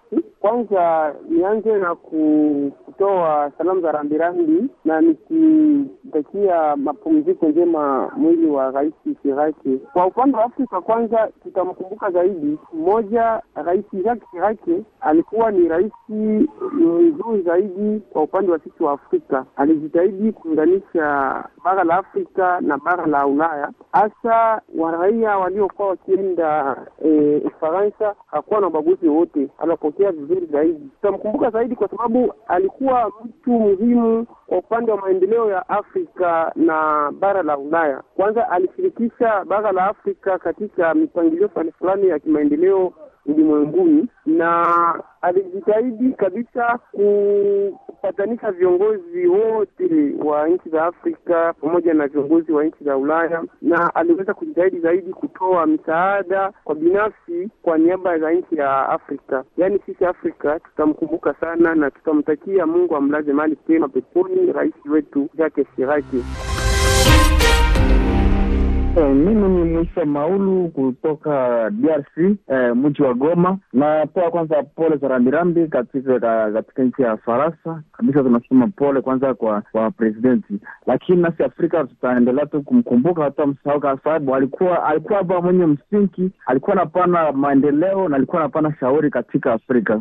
Kwanza nianze na kutoa salamu za rambirambi na nikitakia mapumziko njema mwili wa Rais Chirake. Kwa upande wa Afrika kwanza, tutamkumbuka zaidi mmoja, Rais Jacques Chirake alikuwa ni rais mzuri zaidi kwa upande wa sisi wa Afrika. Alijitahidi kuunganisha bara la Afrika na bara la Ulaya, hasa waraia waliokuwa wakienda eh, Ufaransa. E, hakuwa na ubaguzi wowote, alipokea vizuri vizuri zaidi. Tutamkumbuka zaidi kwa sababu alikuwa mtu muhimu kwa upande wa maendeleo ya Afrika na bara la Ulaya. Kwanza alishirikisha bara la Afrika katika mipangilio fulani fulani ya kimaendeleo ulimwenguni na alijitahidi kabisa kupatanisha viongozi wote wa nchi za Afrika pamoja na viongozi wa nchi za Ulaya, na aliweza kujitahidi zaidi kutoa misaada kwa binafsi kwa niaba za nchi ya Afrika. Yaani sisi Afrika tutamkumbuka sana na tutamtakia Mungu amlaze mahali pema peponi rais wetu Jacques Chirac. Eh, mimi ni Mwisa Maulu kutoka DRC eh, mji wa Goma. Natoa kwanza pole za rambirambi katika katika nchi ya Faransa kabisa, tunasema pole kwanza kwa kwa presidenti, lakini nasi Afrika tutaendelea tu kumkumbuka, msahau, kwa sababu alikuwa alikuwa ba mwenye msingi, alikuwa napana maendeleo na alikuwa napana shauri katika Afrika.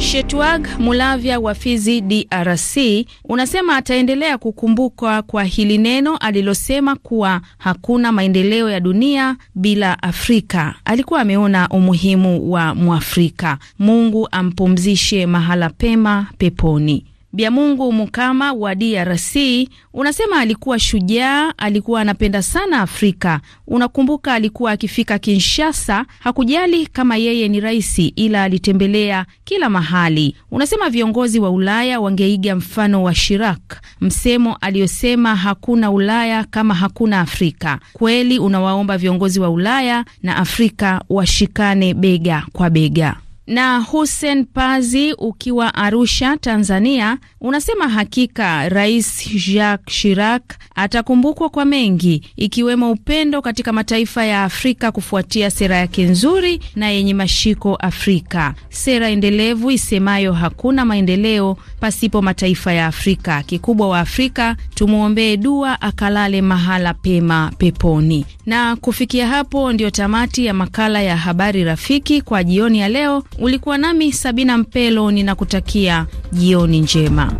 Shetwag Mulavya wa Fizi, DRC, unasema ataendelea kukumbukwa kwa hili neno alilosema kuwa hakuna maendeleo ya dunia bila Afrika. Alikuwa ameona umuhimu wa Mwafrika. Mungu ampumzishe mahala pema peponi. Biamungu Mukama wa DRC unasema alikuwa shujaa, alikuwa anapenda sana Afrika. Unakumbuka alikuwa akifika Kinshasa, hakujali kama yeye ni rais, ila alitembelea kila mahali. Unasema viongozi wa Ulaya wangeiga mfano wa shirak msemo aliyosema hakuna Ulaya kama hakuna Afrika. Kweli unawaomba viongozi wa Ulaya na Afrika washikane bega kwa bega. Na Hussein Pazi ukiwa Arusha, Tanzania, unasema hakika Rais Jacques Chirac atakumbukwa kwa mengi ikiwemo upendo katika mataifa ya Afrika kufuatia sera yake nzuri na yenye mashiko Afrika, sera endelevu isemayo hakuna maendeleo pasipo mataifa ya Afrika. Kikubwa wa Afrika tumwombee dua akalale mahala pema peponi. Na kufikia hapo ndio tamati ya makala ya habari rafiki kwa jioni ya leo. Ulikuwa nami Sabina Mpelo, ninakutakia jioni njema.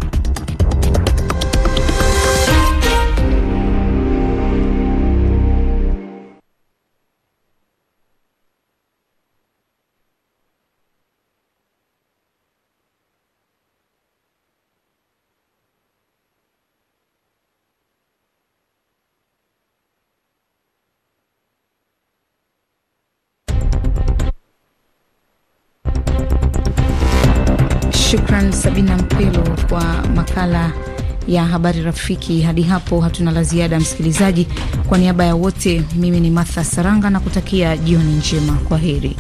makala ya habari rafiki. Hadi hapo hatuna la ziada, msikilizaji. Kwa niaba ya wote, mimi ni Martha Saranga na kutakia jioni njema. Kwa heri.